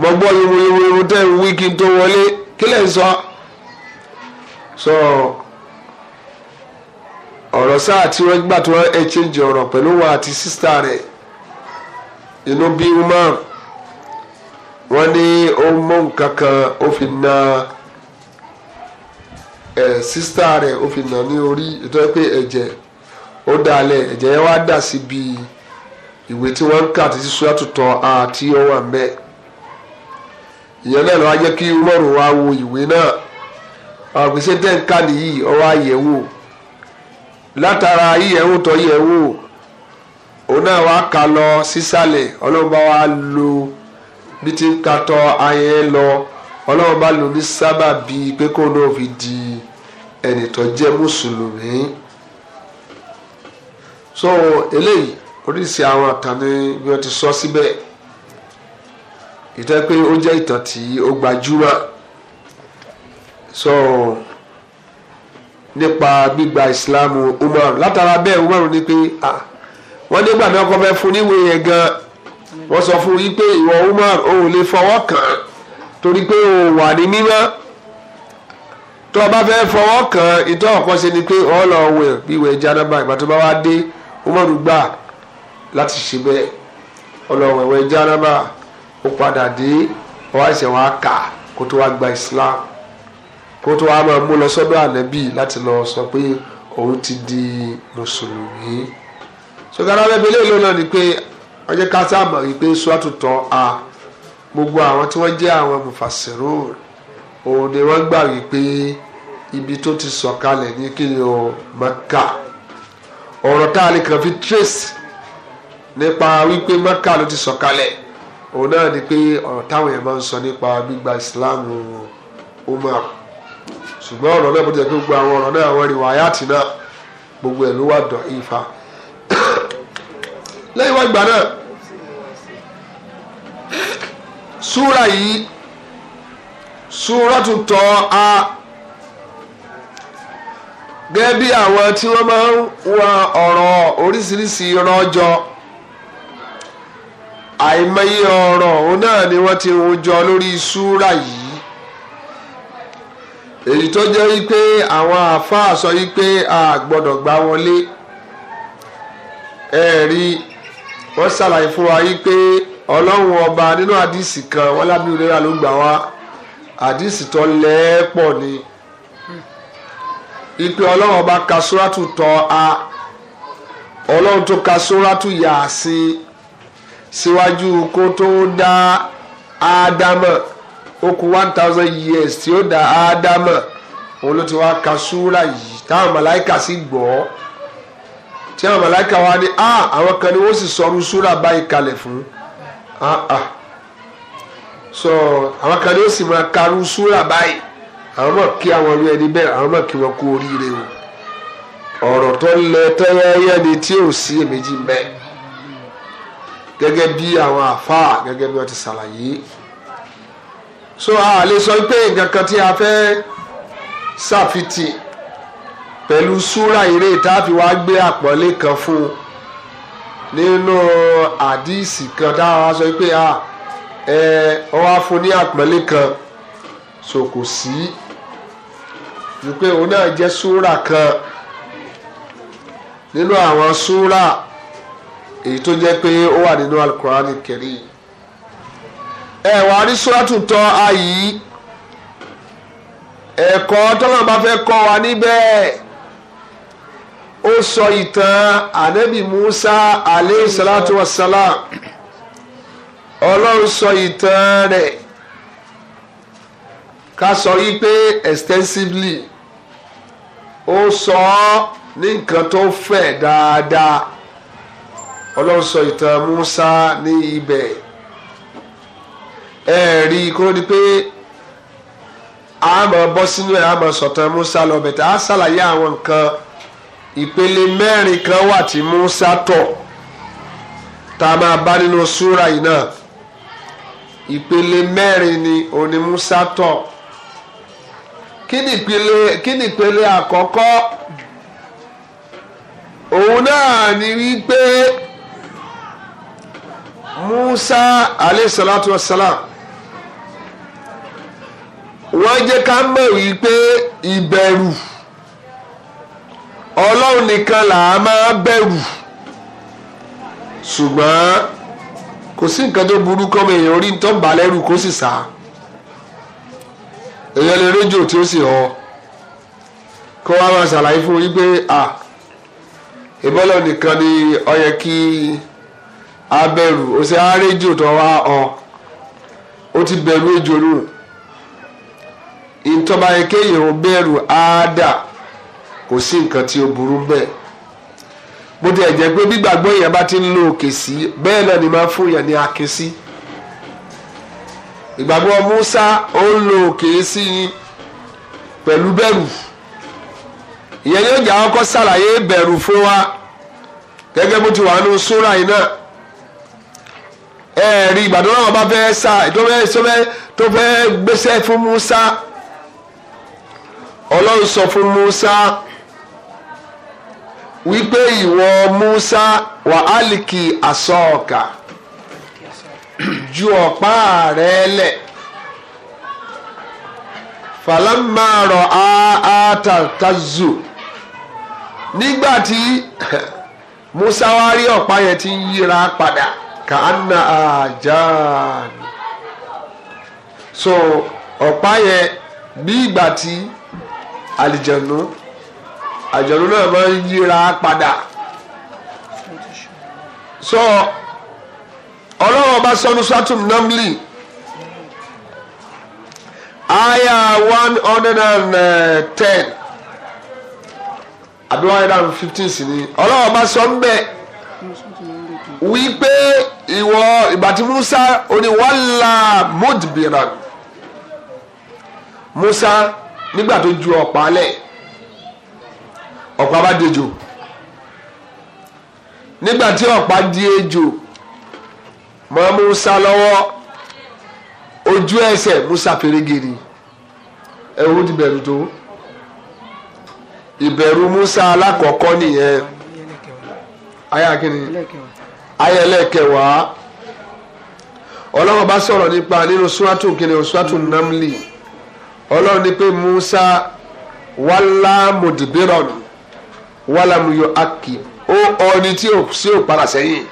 mo gbọ́ yomoyomo tẹ́ ń wí kí n tó wọlé kí lẹ̀ ń sọ sọ ọ̀rọ̀ sáà tí wọ́n gbà tí wọ́n exchange ọ̀rọ̀ pẹ̀lú wa àti sísítà rẹ̀ inú bí Umar wọ́n ní ó mú nǹkan kan ó fi na. ẹ̀ sísítà rẹ̀ ó fi nà ní orí ìtọ́jú pé ẹ̀jẹ̀ ó dalẹ̀ ẹ̀jẹ̀ yẹn wá dà sí bí ìwé tí wọ́n ń kà àti sísú àtútọ́ àti ọwọ́ ìyẹn náà lọ́wọ́ jẹ́ kí Umaru wá wo ìwé náà àgbèsè tẹ́ǹkà nìyí ọwọ́ àyẹ̀wò látara yíyẹ̀wò yẹ̀wò òun náà wá kà lọ sísàlẹ̀ ọlọ́run bá wá lo bí ti ń katọ́ ọlọ́run bá lò ní sábà bíi pé kóun náà fi di ẹnì tó jẹ́ mùsùlùmí so eléyìí oríṣi àwọn ìtàn ni bí wọ́n ti sọ síbẹ̀ ìtàn pé ó jẹ́ ìtàn tí ó gbajúmọ̀ so nípa gbígba ìsìlámù Umar látara bẹ́ẹ̀ Umar ní pé ah wọ́n nígbà náà kọ́ fẹ́ fún níwèé yẹn gan wọ́n sọ fún yí pé ìwọ Umar òun lè fọwọ́ kàn án torí pé o wà ní mímọ́ tó o bá fẹ́ fọwọ́ kàn ìtọ́ ọ̀kan ṣe ni pé ọ lọ wẹ̀ ìwẹ̀ jánábà ìgbà tó bá wá dé ó mọ̀rù gbà láti ṣe bẹ́ẹ̀ ọlọ́wọ̀ ìwẹ̀ jánábà ó padà dé ọwọ́ àìsàn wa kà kó tó wá gba Islam kó tó wá máa mú lọ sọ́dọ̀ ànábì láti lọ sọ pé òun ti di mùsùlùmí sọgbàrá bẹ́ẹ̀ bẹ́ẹ̀ lónà ni pé ọjọ́ ká sáà mọ̀ wípé sùwàtútọ̀ a gbogbo àwọn tí wọ́n jẹ́ àwọn mufasiru òun ni wọ́n gbà wípé ibi tó ti sọ̀kalẹ̀ ní kíni o maka ọ̀rọ̀ tá a lè kàn fi trace nípa wípé maka ló ti sọ̀kalẹ̀ òun náà ni pé ọ̀rọ̀ táwọn èèyàn máa ń sọ nípa gbígba islam umar ṣùgbọ́n ọ̀rọ̀ náà bó ti jẹ́ pé gbogbo àwọn ọ̀rọ̀ náà wọ́n rí wáyàtì náà gbogbo ẹ̀ ló wà dọ̀ ìfà lẹ́yìn wá ìgbà náà súra yìí súra tutọ́ a gẹ́gẹ́ bí àwọn tí wọ́n máa ń wá ọ̀rọ̀ oríṣiríṣi rọ́jọ́ àìmọye ọ̀rọ̀ òun náà ni wọ́n ti hun jọ lórí súra yìí èyí tó jẹ́ wípé àwọn àáfàá sọ wípé a gbọ́dọ̀ gbá wọlé ẹ̀rí wọ́n ṣàlàyé fún wa wípé ọlọ́run ọba nínú àdìsí kan wọn lábí ìrora ló gbà wá àdìsí tó lẹ́ẹ̀pọ̀ ni ipe ọlọ́run ọba ka sóràtù tọ́ a ọlọ́run tó ka sóràtù Yàsín síwájú kó tó dá ádámọ̀ ó one thousand years tí ó dá ádámọ̀ òun ló ti wá ka súrà yìí táwọn màláìkà sì gbọ́ tí àwọn màláìkà wá ní ah, àwọn kan ni wọ́n sì sọrú súrà báyìí kalẹ̀ fún un. Ah, ah. sọ àwọn kan ní ó sì máa karú súrà báyìí àwọn mọ̀ kí àwọn olú ẹni bẹ́ẹ̀ àwọn mọ̀ kí wọ́n kú oríire o ọ̀rọ̀ tó lẹ tẹ́yẹ́yẹ́ ni tí ò sí èméjì mbẹ́ gẹ́gẹ́ bí àwọn àfáà gẹ́gẹ́ bí wọ́n ti ṣàlàyé so a lè sọ pé nǹkan kan tí a fẹ́ ṣàfitì pẹ̀lú súrà eré tá a fi wá gbé àpọ́nlé kan fún un nínú àdìsí kan dáhà sọ pé a ah, ẹ ọ wá fún ní àpọ́nlé kan so kò sí ju pé òun náà jẹ́ súrà kan nínú àwọn súrà èyí tó jẹ́ pé ó wà nínú alukurani kẹrin ẹ wàá rí súrà tún tọ́ ayì ẹ̀kọ́ tọ́lọ́mọba fẹ́ kọ́ wa níbẹ̀ ó sọ ìtàn ànábì Musa aleyhi salatu wa salam ọlọ́run sọ ìtàn rẹ̀ ká sọ yí extensively ó sọ ọ́ ní nǹkan tó fẹ̀ dáadáa ọlọ́run sọ ìtàn Musa ní ibẹ̀ ẹ rí i kó ní pé a máa bọ́ sínú ẹ̀ a máa sọ̀tàn Musa lọ bẹ̀tẹ̀ a ṣàlàyé àwọn nǹkan ìpele mẹ́rin kan wà tí Musa tọ̀ tá a máa bá nínú súra yìí náà ìpele mẹ́rin ni òní Musa tọ̀ kí ni ìpele kí ni ìpele àkọ́kọ́ òun náà ni wípé Musa alayhi salatu wa salam wọ́n jẹ́ ká mọ̀ wípé ìbẹ̀rù ọlọ́run nìkan là á máa bẹ̀rù ṣùgbọ́n kò sí nǹkan tó burú kọ́mọ èèyàn orí ń tán balẹ̀rù kó sì sá èèyàn lè rédíò tí ó sì họ kó wá máa ṣàlàyé fún yín pé à ìbọ́lọ̀ nìkan ni ó yẹ kí a bẹ̀rù ó sì á rédíò tó wá ọ ó ti bẹ̀rù ejò nù ìtọ́ba yẹ kéèyàn bẹ̀rù á dà kò sí nǹkan tí ó burú bẹ́ẹ̀ bó ti ẹ̀ jẹ́ pé gbígbàgbọ́ èèyàn bá ti ń lo òkè sí bẹ́ẹ̀ náà ni máa fún èèyàn ní akin sí ìgbàgbọ́ Musa ó ń lo òkè sí pẹ̀lú bẹ̀rù ìyẹn yóò jà ọkọ ṣàlàyé bẹ̀rù fún wa gẹ́gẹ́ bó ti wà nínú súrà yìí náà ẹ̀ẹ́rì ìgbàdo náà bá fẹ́ sá tó fẹ́ gbéṣẹ́ fún Musa ọlọ́run sọ fún Musa wípé ìwọ Musa wà álìkì àsọ̀ọ̀kà ju ọ̀pá rẹ lẹ̀ fàlámàrọ̀ àtàtàzù nígbà tí Musa wá rí ọ̀pá yẹn tí ń yíra padà kàánà àjàn so ọ̀pá yẹn bí ìgbà tí àlìjẹ̀nu. No? àjọ̀dún náà máa ń yíra padà so ọlọ́run ọba sọnù sátúm nọ́mìlì aya one hundred and ten àbí one hundred and fifteen sí ni ọlọ́run ọba sọ ń bẹ̀ wípé ìwọ ìgbà musa oníwàlá mudbiran musa nígbà tó ju ọ̀pá lẹ̀ ọ̀pá bá dejò nígbà tí ọ̀pá di ejò mọ́ Musa lọ́wọ́ ojú ẹsẹ̀ Musa pérégere ẹ̀rù ti bẹ̀rù tó ìbẹ̀rù Musa alákọ̀ọ́kọ́ nìyẹn ayé akínní ayé ẹlẹ́kẹ̀wàá ọlọ́run bá sọ̀rọ̀ nípa nínú suwatu kìnì suwatu namli ọlọ́run ní pé Musa wàlá mùdìbírọ̀nù wàlámùyọ akì ó ọni tí ò sí ò padà sẹ́yìn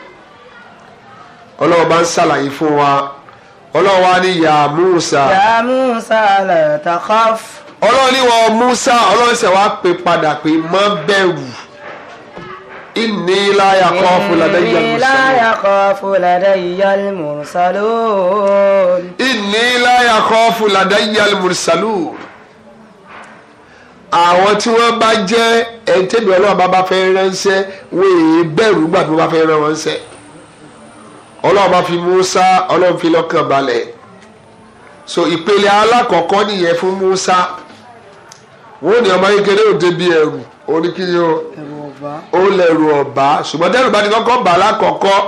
ọlọ́wọ́ bá ń ṣàlàyé fún wa ọlọ́wọ́ wa ní ya Musa. ya Musa la takhaf. ọlọ́wọ́ ni wọ́n Musa ọlọ́wọ́ sẹ̀ wá pé padà pé má bẹ̀rù inni la yakhafu ladayya al-mursalun inni la yakhafu ladayya al-mursalun inni la yakhafu ladayya al àwọn tí wọ́n bá jẹ́ ẹni tẹ́bi ọlọ́run bá bá fẹ́ ránṣẹ́ wọ́n èé bẹ̀rù gbà tó bá fẹ́ rán wọn ṣẹ́ ọlọ́run bá fi Musa ọlọ́run fi lọ́kàn balẹ̀ so ìpele alákọ̀ọ́kọ́ nìyẹn fún Musa wọ́n ní ọmọ kékeré òde bíi ẹrù oníkíyìn o ó lẹ̀rù ọ̀bá ṣùgbọ́n tẹ́rù bá ti kọ́kọ́ bà lákọ̀ọ́kọ́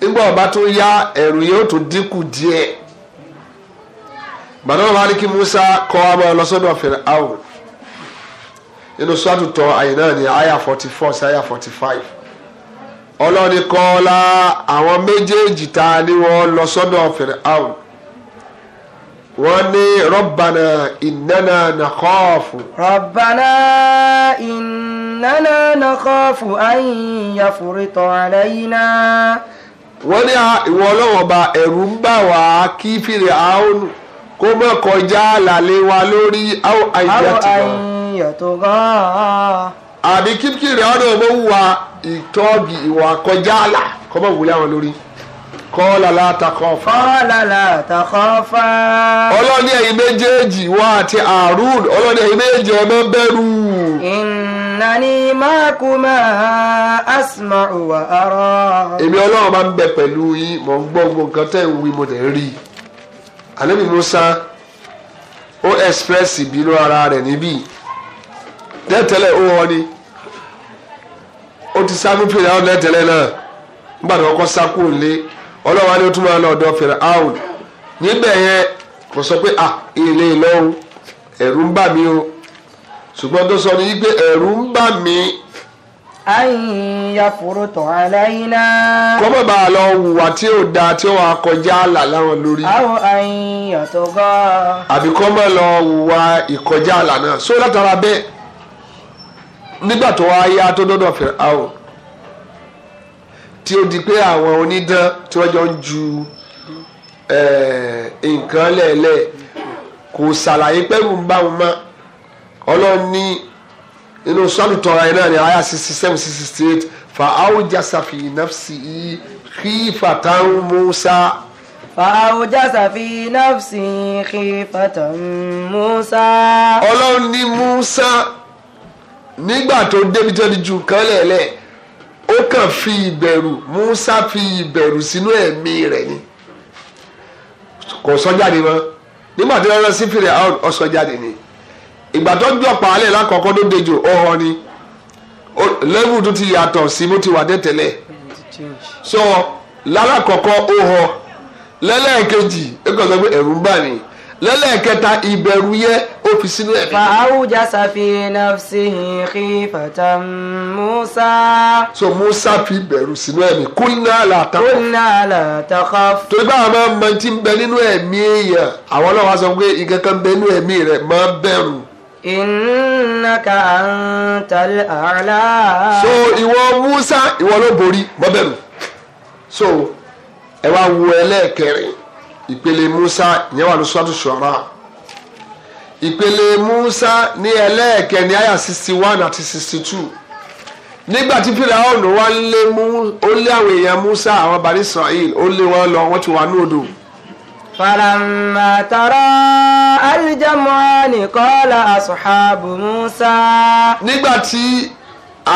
nígbà ọ̀bá tó yá ẹ̀rù yóò tó dínkù díẹ̀ bàtà wọn bá ní kí Musa kọ́ ọmọ ọlọ́sọ́dọ̀ Fáráò nínú sọ́ọ̀tù tọ́ àyè náà ní àyà forty four sí àyà forty five ọlọ́ni kọ́ọ́lá àwọn méjèèjì ta ni wọ́n lọ sọ́dọ̀ Fir'aun wọ́n ní rọ́bànà ìnáná nàkọ́ọ̀fù. rọ́bànà ìnáná nàkọ́ọ̀fù àyìnyà fúritọ̀ àlẹ́yìnà. wọ́n ní ìwọ ọlọ́wọ́n ba ẹ̀rù ń bà wá kí Fir'aun kó mọ̀ kọjá làlẹ́ wa lórí àwọn àyìnyà tìwọ́ yẹtọgá. àbí kíkìrì ọ̀dọ̀ owó wà ìtọ́bi ìwà kọjá àlà kọ́mọ̀ wúlé àwọn lórí kọ́ọ̀lá látàkọ́fà. kọ́ọ̀lá látàkọ́fà. ọlọ́ni ẹ̀yin méjèèjì wá àti àrùn ọlọ́ni ẹ̀yin méjèèjì ẹ má bẹ̀rù. ìnáni mákùmá asma wa ara. èmi ọlọ́run máa ń bẹ pẹ̀lú yín mò ń gbọ́ gbogbo nǹkan tẹ́ ń wí mo tẹ̀ ń rí i. ànábì Musa ó express ìbínú ara rẹ̀ níbí tẹ́tẹ́lẹ̀ ó wọ́n ni ó ti sá fún fèrè áwùn lẹ́tẹ̀lẹ̀ náà nígbà tí wọ́n kọ́ sá kúrò lé ni ó tún máa lọ ọ̀dọ̀ fèrè áwùn níbẹ̀ yẹn kò sọ pé à èlé lọ́wọ́ ẹ̀rù ń bà mí o ṣùgbọ́n tó sọ ni wípé ẹ̀rù ń bà mí. àyìnyá fòrò tán aláìná. kọ́mọ̀ bá a lọ wùwà tí ò da tí ó wà kọjá àlà láwọn lórí. àwọn àyìnyá tó gọ́. àbí kọ́mọ̀ lọ wùwà ìkọjá àlà náà só látara bẹ́ẹ̀ nígbà tó wá yá tó dọ́dọ̀ Fáráò tí ó di pé àwọn onídán tí wọ́n jọ ń ju eh, nǹkan lẹ́ẹ̀lẹ́ kò ṣàlàyé pẹ̀lú ń bá wọn mọ́ ọlọ́run ní inú sọ́ọ̀lù tọ́ra yẹn náà ní àyà sixty seven sixty sixty eight fa awjasa fi nafsihi khifatan Musa. فأوجس في نفسه خيفة موسى. Ọlọ́run ní Musa nígbà tó di kan lẹ̀lẹ̀ ó kàn fi ìbẹ̀rù Musa fi ìbẹ̀rù sínú ẹ̀mí rẹ̀ ni kò sọ mọ́ nígbà tó rán sí fìrẹ̀ ó sọ ni ìgbà tó jọ pàálẹ̀ lákọ̀ọ́kọ́ tó dejò ọ̀họ́ ni lẹ́wù tó ti yàtọ̀ sí mo ti wà tele so lálàkọ̀ọ́kọ́ ọ̀họ́ lẹ́lẹ́ẹ̀kejì ẹ̀kọ́ sọ pé ẹ̀rù ń bà ní lẹ́lẹ́ẹ̀kẹta ìbẹ̀rù yẹ ló fi sínú ẹ̀mí. fàáwùjà sàfi nafsihi khifatan Musa. so Musa fi bẹ̀rù sínú ẹ̀mí kúnná làtà. kúnná làtà kọ́. torí báwa máa ń mọ ń bẹ nínú ẹ̀mí èèyàn àwọn ọlọ́wà sọ pé nǹkan kan bẹ nínú ẹ̀mí rẹ̀ máa bẹ̀rù. innaka antal a'la. so ìwọ Musa ìwọ ló borí má bẹ̀rù so ẹ wá wo ẹlẹ́ẹ̀kẹrin ìpele Musa ìyẹn wà lóṣù àtúnṣe ọ̀rá ìpele Musa ní ẹlẹ́ẹ̀kẹni àyà sixty one àti sixty two nígbà tí Fíráúnù wá ń lé mú ó lé àwọn èèyàn Musa àwọn Bani Israel ó lé wọn lọ wọn ti wà ní odò. falamma tara aljamani qala asuhabu Musa. nígbà tí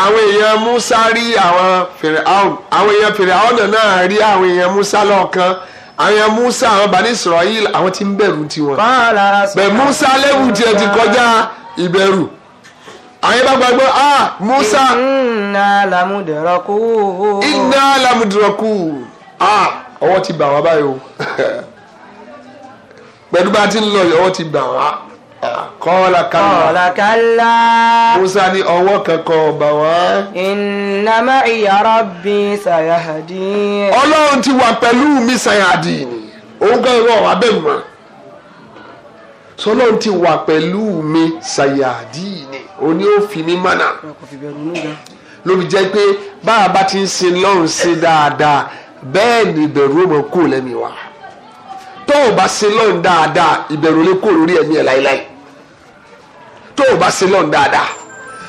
àwọn èèyàn Musa rí àwọn Fíráúnù àwọn èèyàn Fíráúnù náà rí àwọn èèyàn Musa lọ́ọ̀kan àwọn Musa àwọn bani Israel àwọn tí ń bẹ̀rù tiwọn bẹ́ẹ̀ Musa léwu tiẹ̀ ti kọjá ìbẹ̀rù àwọn yẹn gbàgbọ́ ah Musa inna lamudiraku inna lamudiraku ah ọwọ́ ti bà wá báyìí o pẹ̀lú bá a ti ń lọ yìí ọwọ́ ti bà wá kọ́ọ̀lá kálá. kọ́ọ̀lá kálá. musa ní ọwọ́ kankan ọba wá. ìnáma ìyàrá bí sayahadi. ọlọ́run ti wà pẹ̀lú mi sayahadi òun kan ìwọ ọ̀rọ̀ abẹ́ mọ́ sọlọ́run ti wà pẹ̀lú mi sayahadi ni òní ó fi mí mánà lóbi jẹ́ pé bá a bá ti ń sin lọ́run sí dáadáa bẹ́ẹ̀ ni ìbẹ̀rù ó mọ kó wá tó o bá ṣe lọ́n dáadáa ìbẹ̀rù lè kó lórí ẹ̀mí ẹ̀ láéláé tó o bá ṣe lọ́n dáadáa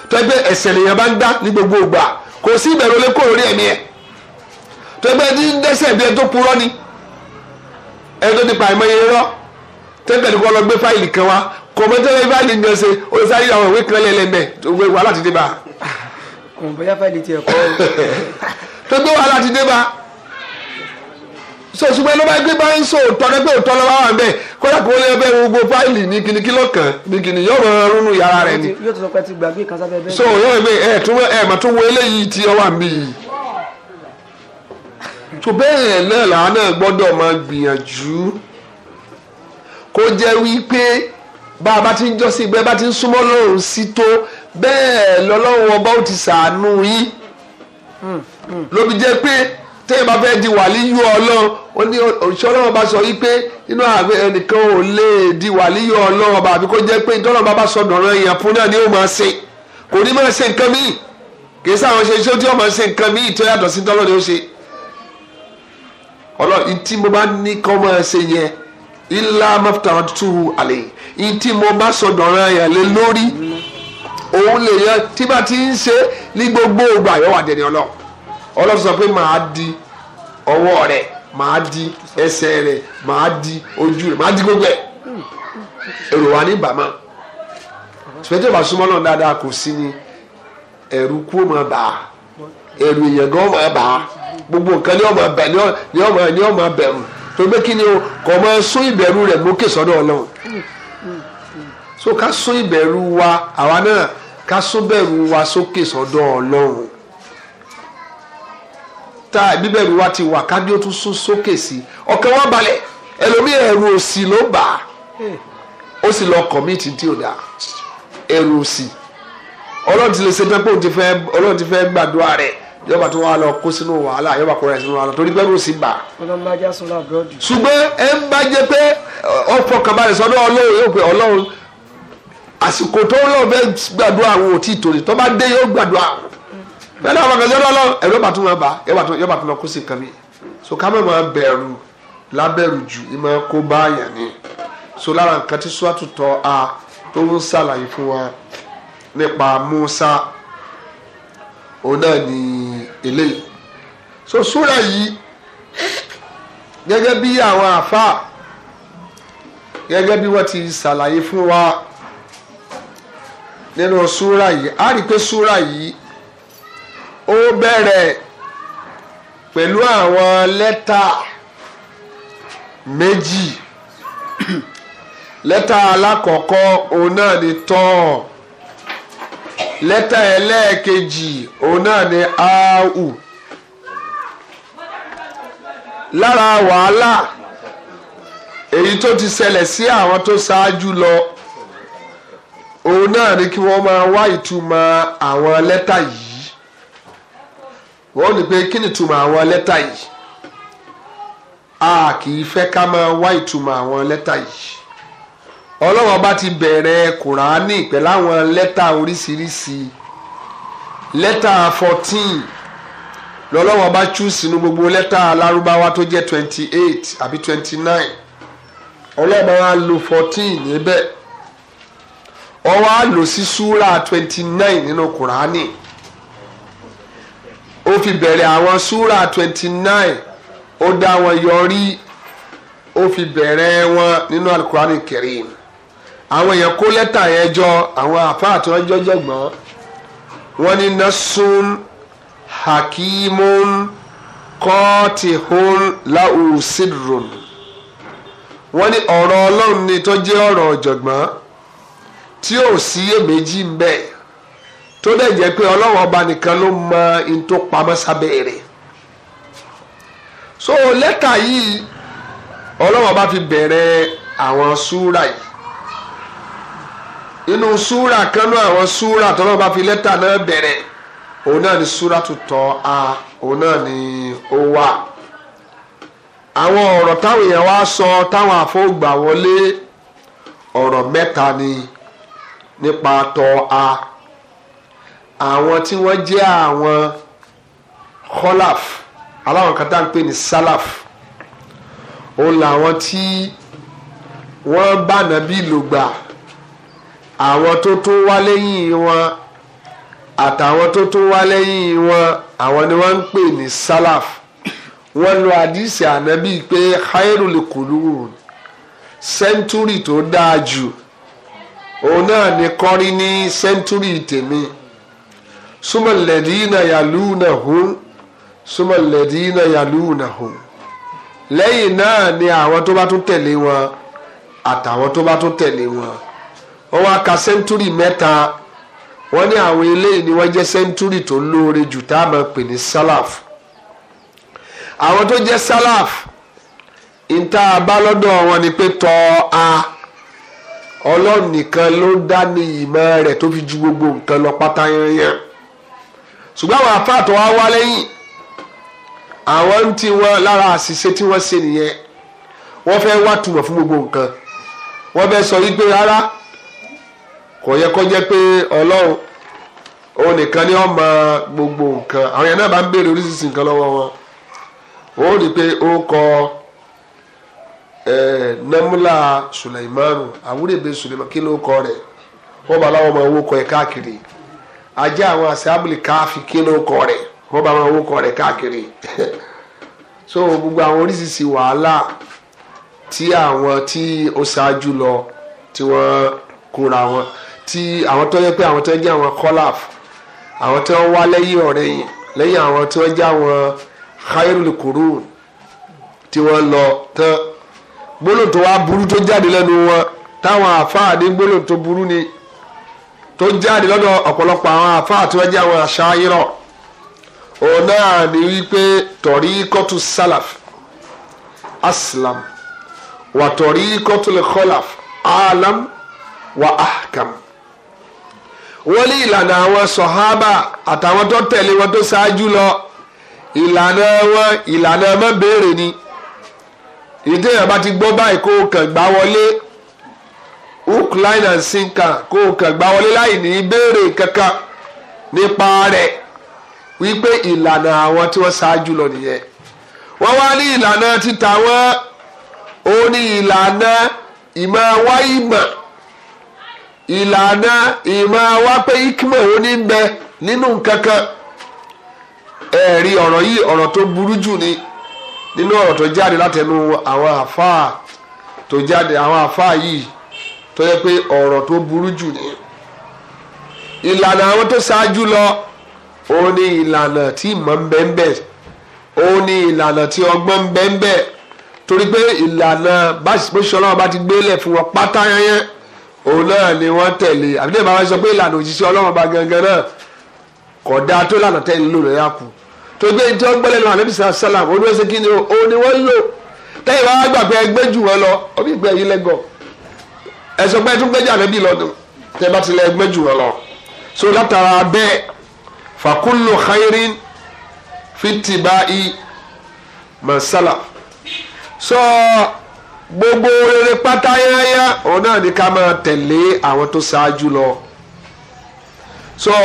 tó ẹgbẹ́ ẹ̀ṣẹ̀ lèèyàn bá ń dá ní gbogbo ìgbà kò sí ìbẹ̀rù lè kó lórí ẹ̀mí ẹ̀ tó ẹgbẹ́ ní dẹ́ṣẹ̀ bí ẹ tó purọ́ ni ẹ tó ti pa àìmọye rọ́ tẹ́tẹ̀lì kọ́ lọ gbé fáìlì kan wá kọ̀mọ́tẹ́lẹ̀ fáìlì gan ṣe ó sáré àwọn ìwé kan lẹ́lẹ́mẹ̀ wàhálà ti dé tó gbé wàhálà ti dé bá so ṣùgbọ́n ló bá gbé bá ń sọ òótọ́ rẹ pé òótọ́ ló bá wà bẹ́ẹ̀ kódà kó lè bẹ́ẹ̀ gbogbo fáìlì ní kìnnìkì lọ́kàn ní kìnnì yóò rọrọ rúnú yàrá rẹ ni. yóò tún sọ pé ti gbàgbé kan sábẹ́ bẹ́ẹ̀. so yóò rẹ bẹ́ẹ̀ ẹ̀ tún ẹ̀ mà tún wo eléyìí tí ọ wà mí yìí. tó bẹ́ẹ̀ náà làwọn náà gbọ́dọ̀ máa gbìyànjú kó jẹ́ wípé bá a bá ti ń jọ́sìn bẹ́ẹ̀ bá ti ń súnmọ́ lọ́rùn sí tó bẹ́ẹ̀ lọ́lọ́run ọba ó ti ṣàánú yín hmm, hmm. lóbi jẹ́ pé téèyàn bá fẹ́ di wàlíyù ọlọ́run ó ní òṣìṣẹ́ ọlọ́run bá sọ wípé inú àbẹ ẹnìkan ò lè di wàlíyù ọlọ́run bá àbí kó jẹ́ pé ìtọ́nà bá bá sọ dọ̀rọ̀ èèyàn fún náà ni ó máa ṣe kò ní máa ṣe nǹkan míì kì í sáwọn ṣe iṣẹ́ tí ó máa ṣe nǹkan míì tó yàtọ̀ sí tọ́lọ́ ni ó ṣe ọlọ́run tí mo bá ní kọ́ máa ṣe yẹn ilá mọ́tàn tù àlè yìí tí mo bá sọ dọ̀rọ̀ èèyàn lé lórí òun lè yẹ tí bá ti ń ṣe ní gbogbo ògbà yọ wà dẹni ọlọ́run ọlọ́run sọ pé màá di ọwọ́ rẹ̀ màá di ẹsẹ̀ rẹ̀ màá di ojú rẹ̀ màá di gbogbo ẹ̀ èrò wa ní bàmà sùpẹ́tẹ́ bá súnmọ́ náà dáadáa kò sí ni ẹ̀rù kú máa bà á ẹ̀rù èèyàn gan máa bà gbogbo nǹkan ni ọmọ bẹ ni ọmọ ni ọmọ bẹ̀rù tó gbé kí ni o kò máa sún ìbẹ̀rù rẹ̀ mókè sọ́dọ̀ ọlọ́run so ká sún ìbẹ̀rù wa àwa náà ká sún bẹ̀rù wa sókè sọ́dọ̀ ọlọ́run tá bíbẹ̀rù wa ti wà ká ní ó tún sún sókè sí ọkàn wọn balẹ̀ ẹlòmíì ẹ̀rù òsì ló bà á ó sì lọ kọ̀míìtì tí ò dá ẹ̀rù òsì ọlọ́run ti lè ṣe pé òun ti fẹ́ ọlọ́run ti fẹ́ gbàdúrà rẹ̀ yọba tó wà lọ kó sínú wàhálà yọba kó rẹ̀ sínú wàhálà torí pé ẹ̀rù òsì bà á. ṣùgbọ́n ẹ ń bá jẹ pé ọ̀pọ̀ kan balẹ̀ sọ́dọ̀ ọlọ́run yóò pé ọlọ́run àsìkò tó lọ́ọ́ fẹ́ gbàdúrà àwọn òtí ìtòlè tó bá dé yóò gbàdúrà àwọn bẹ́ẹ̀ni àwọn akẹ́kọ̀ọ́ lọ́lọ́ ẹ̀rọ bàtún máa bá yọba tún máa kó sí nǹkan mi so ká má máa bẹ̀rù lábẹ̀rù ju, ní máa kó báyàn ni so lára nǹkan tí sùwàtú tọ́ a tó ń ṣàlàyé fún wa nípa Musa òun náà ni eléyìí so súra yìí gẹ́gẹ́ bí àwọn àfáà gẹ́gẹ́ bí wọ́n ti ṣàlàyé fún wa nínú súra yìí a rí i pé súra yìí ó bẹ̀rẹ̀ pẹ̀lú àwọn lẹ́tà méjì lẹ́tà alákọ̀ọ́kọ́ òun náà ni tọ́ọ̀ lẹ́tà ẹlẹ́ẹ̀kejì òun náà ni ááwù lára wàhálà èyí tó ti ṣẹlẹ̀ sí àwọn tó ṣáájú lọ òun náà ni kí wọ́n máa wá ìtumọ̀ àwọn lẹ́tà yìí wọ́n ní pé kí ni ìtumọ̀ àwọn lẹ́tà yìí a kì í fẹ́ ká máa wá ìtumọ̀ àwọn lẹ́tà yìí ọlọ́wọ́n bá ti bẹ̀rẹ̀ kùránì pẹ̀lú àwọn lẹ́tà oríṣiríṣi lẹ́tà fourteen lọ́lọ́wọ́n bá tú sínú gbogbo lẹ́tà alárúbáwá tó jẹ́ twenty eight àbí twenty nine ọlọ́wọ́n á lo fourteen níbẹ̀ ọwọ́ á lò sí súrà twenty nine nínú kùránì. No ó fi bẹ̀rẹ̀ àwọn súrà twenty nine ó dá wọn yọrí ó fi bẹ̀rẹ̀ wọn nínú alukurani Karim àwọn èèyàn kó lẹ́tà yẹn jọ àwọn àfáà tí wọ́n jọ́jọ́ gbọ́n wọ́n ní nasun hakimun kọ́tìhún láùsídùrùn wọ́n ní ọ̀rọ̀ ọlọ́run ni tó jẹ́ ọ̀rọ̀ ọ̀jọ̀gbọ́n tí ò síyèméjì ń bẹ́ẹ̀ tó dẹ̀ jẹ́ pé ọlọ́run ọba nìkan ló mọ in tó pamọ́ sábẹ́ rẹ̀ so lẹ́tà yìí ọlọ́run ọba fi bẹ̀rẹ̀ àwọn súrà yìí inú súrà kan náà àwọn súrà tọ́lọ́run ọba fi lẹ́tà náà bẹ̀rẹ̀ òun náà ni súrà tó tọ́ a òun náà ni ó wà àwọn ọ̀rọ̀ táwọn èèyàn wá sọ táwọn àfọ̀gbà wọlé ọ̀rọ̀ mẹ́ta ni nípa tọ́ a àwọn tí wọ́n jẹ́ àwọn kholaf aláwọn kan tá à ń pè ní salaf òun làwọn tí wọ́n bá nàbí lògbà àwọn tó tó wá lẹ́yìn wọn àtàwọn tó tó wá lẹ́yìn wọn àwọn ni wọ́n ń pè ní salaf wọ́n lo àdìsí ànábì pé khairul qurun sẹ́ńtúrì tó dáa jù òun náà ni kọ́rí ní sẹ́ńtúrì tèmi súnmọ́ lẹ́dínà yàlúùnà hùn súnmọ́ lẹ́dínà yàlúùnà hùn lẹ́yìn náà ni àwọn tó bá tún tẹ̀lé wọn àtàwọn tó bá tún tẹ̀lé wọn wọ́n wá ka sẹ́ńtúrì mẹ́ta wọ́n ní àwọn eléyìí ni wọ́n jẹ́ sẹ́ńtúrì tó lóore jù tá a máa pè ní sálàf àwọn tó jẹ́ sálàf ìta bá lọ́dọ̀ wọn ni pé tọ́ a ọlọ́run nìkan ló dá ní ìmọ̀ rẹ̀ tó fi ju gbogbo nǹkan lọ pátá yẹn yẹn ṣùgbọ́n àwọn afáàtọ̀ wa wá lẹ́yìn àwọn ń ti wọn lára àṣìṣe tí wọ́n ṣe nìyẹn wọ́n fẹ́ wá túmọ̀ fún gbogbo nǹkan wọ́n fẹ́ sọ yí pé rárá kò yẹ kó jẹ́ pé ọlọ́run òun nìkan ni wọ́n mọ gbogbo nǹkan àwọn yẹn náà bá ń béèrè oríṣiríṣi nǹkan lọ́wọ́ wọn ó rí pé ó kọ namula Sulaimanu awúrẹ́bẹ Sulaimanu kí ló kọ rẹ̀ wọ́n bá láwọn ọmọ owó kọ ẹ̀ káàkiri ajá àwọn àṣàbùlì káfí kí ló kọ rẹ̀ wọ́n bá wọn kọ rẹ̀ káàkiri so gbogbo àwọn oríṣiríṣi wàhálà tí àwọn tí ó ṣáájú lọ tí wọ́n kóra wọn tí àwọn tó yẹ pé àwọn tó jẹ́ àwọn kọ́láf àwọn tó wá lẹ́yìn ọ̀rẹ́ yìí lẹ́yìn àwọn tó jẹ́ àwọn khairul kurun tí wọ́n lọ tán gbólóhùn tó burú tó jáde lẹ́nu wọn táwọn àfáà ní gbólóhùn burú ni tó jáde lọ́dọ̀ ọ̀pọ̀lọpọ̀ àwọn àfáà tí wọ́n jẹ́ àwọn aṣááyírọ̀ òun náà ni wípé tọ̀rí kọ́tù sálàf aslam wà tọ̀rí kọ́tù kọ́làf alam wà ahkam wọ́n ní ìlànà àwọn sọ̀hábà àtàwọn tó tẹ̀lé wọn tó ṣáájú lọ ìlànà wọn ìlànà mọ́ béèrè ni ìdí èèyàn ti gbọ́ báyìí kó kàn gbá wọlé hook line and sinker kó o kàn gbá wọlé láì ní béèrè kankan nípa rẹ̀ wípé ìlànà àwọn tí wọ́n ṣáájú lọ nìyẹn wọ́n wá ní ìlànà títa wọn ó ní ìlànà ìmọ̀ wá ìmọ̀ ìlànà ìmọ̀ wá pé ikimọ̀ ó ní bẹ nínú kankan ẹ̀rí ọ̀rọ̀ yìí ọ̀rọ̀ tó burú jù ni nínú ọ̀rọ̀ tó jáde látẹnu àwọn àfáà tó jáde àwọn àfáà yìí tó yẹ pé ọ̀rọ̀ tó burú jù ni ìlànà àwọn tó ṣáájú lọ òun ni ìlànà tí ìmọ̀ ń bẹ ń bẹ òun ni ìlànà tí ọgbọ́n ń bẹ ń torí pé ìlànà bóṣìṣẹ́ bá ti gbélẹ̀ fún wọn pátá yẹn òun náà ni wọ́n tẹ̀lé àbídẹ́ bàbá sọ pé ìlànà òjíṣẹ́ ọlọ́run bá gangan náà kódà tó lànà tẹ́lẹ̀ ló lọ́ọ́ yà kú tó gbé ní tí wọ́n gbẹ́lẹ̀ lọ àlẹ́bí sàlám òun kí ni òun ni wọ́n lò tẹ́yìn wọ́n á gbàgbé ẹgbẹ́ jù wọn lọ ọ bí ìgbẹ́ yìí lẹ́gọ̀ọ́ ẹ̀sọ́ pé tún gbẹ́jà lẹ́bí lọ́dún tẹ́ bá tilẹ̀ gbẹ́ jù lọ. so látara bẹ́ẹ̀ fàkúlù khairin fìtìbáì mọ̀sálà sọ gbogbo rere pátá yáyá òun náà ní ká máa tẹ̀lé àwọn tó ṣáájú lọ. sọ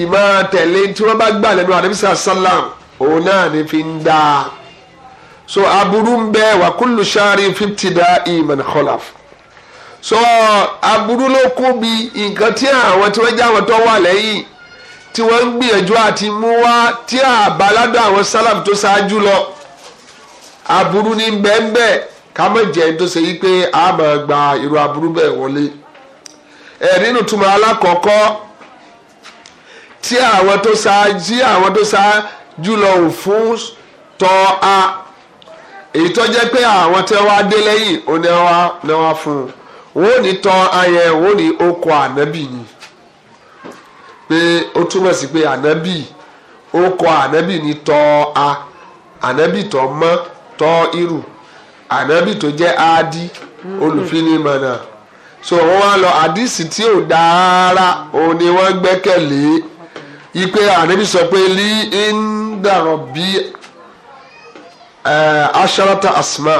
ìmọ̀ tẹ̀lé tí wọ́n bá gbà lẹ́nu àdébísà sálàm òun náà ní fi ń dáa so aburú ń bẹ wàkúlù sáré fìtìdá ìmọ̀ nìkọlàfù so aburú ló kún bí nǹkan tí àwọn tí wọ́n já àwọn tó wà lẹ́yìn tí wọ́n ń gbìyànjú àti mú wá tí àbáládọ́ àwọn sálàm tó ṣáájú lọ aburú ní bẹ́ẹ̀nbẹ́ẹ̀ ká mọ̀ jẹ́ tó ṣe yí pé a máa gba irú aburú bẹ́ẹ̀ wọlé ẹ̀ nínú túmọ̀ alákọ̀ọ́kọ́ tí àwọn tó ṣáájú àwọn tó ṣáájú lọ ò fún tọ́ a èyí tó jẹ́ pé àwọn tí wọ́n wá dé lẹ́yìn ò ní wá fún un wọ́n ní tán ayẹ wọ́n ní okọ̀ ni pé ó túmọ̀ sí pé ànábì okọ̀ ànábì ni tọ́ a anabi tó mọ́ tọ́ irú ànábì tó jẹ́ áádí olùfinimọ̀nà so wọ́n wá lọ àdìsí tí ò dára òun ni wọ́n gbẹ́kẹ̀lé ipe ànábì sọ pé lí ń dàrọ̀ bí asharata asma.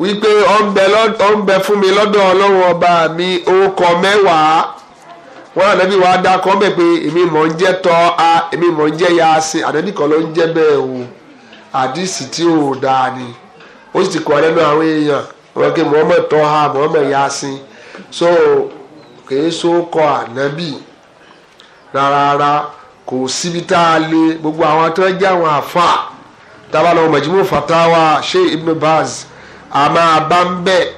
wípé ọ̀nbẹ fún mi lọ́dọ̀ ọlọ́run ọba mi orúkọ mẹ́wàá wọn ànábì wàá dá kọ́ bẹ́ẹ̀ pé èmi mọ̀ ń jẹ́ tọ́ a èmi mọ̀ ń jẹ́ Yasin ànábì kan ló ń jẹ́ bẹ́ẹ̀ o àdìsí tí ò dáa ni ó sì ti kọ́ lẹ́nu àwọn èèyàn wọn kí Muhammad tọ́ ha Muhammad Yasin so kìí so kọ ànábì rárá kò síbi tá a lé gbogbo àwọn tó ń jẹ́ àwọn àfa tábàlọ́ mọ̀jìmọ́ fatawa Sheikh Ibn Baz ama máa wani ń bẹ̀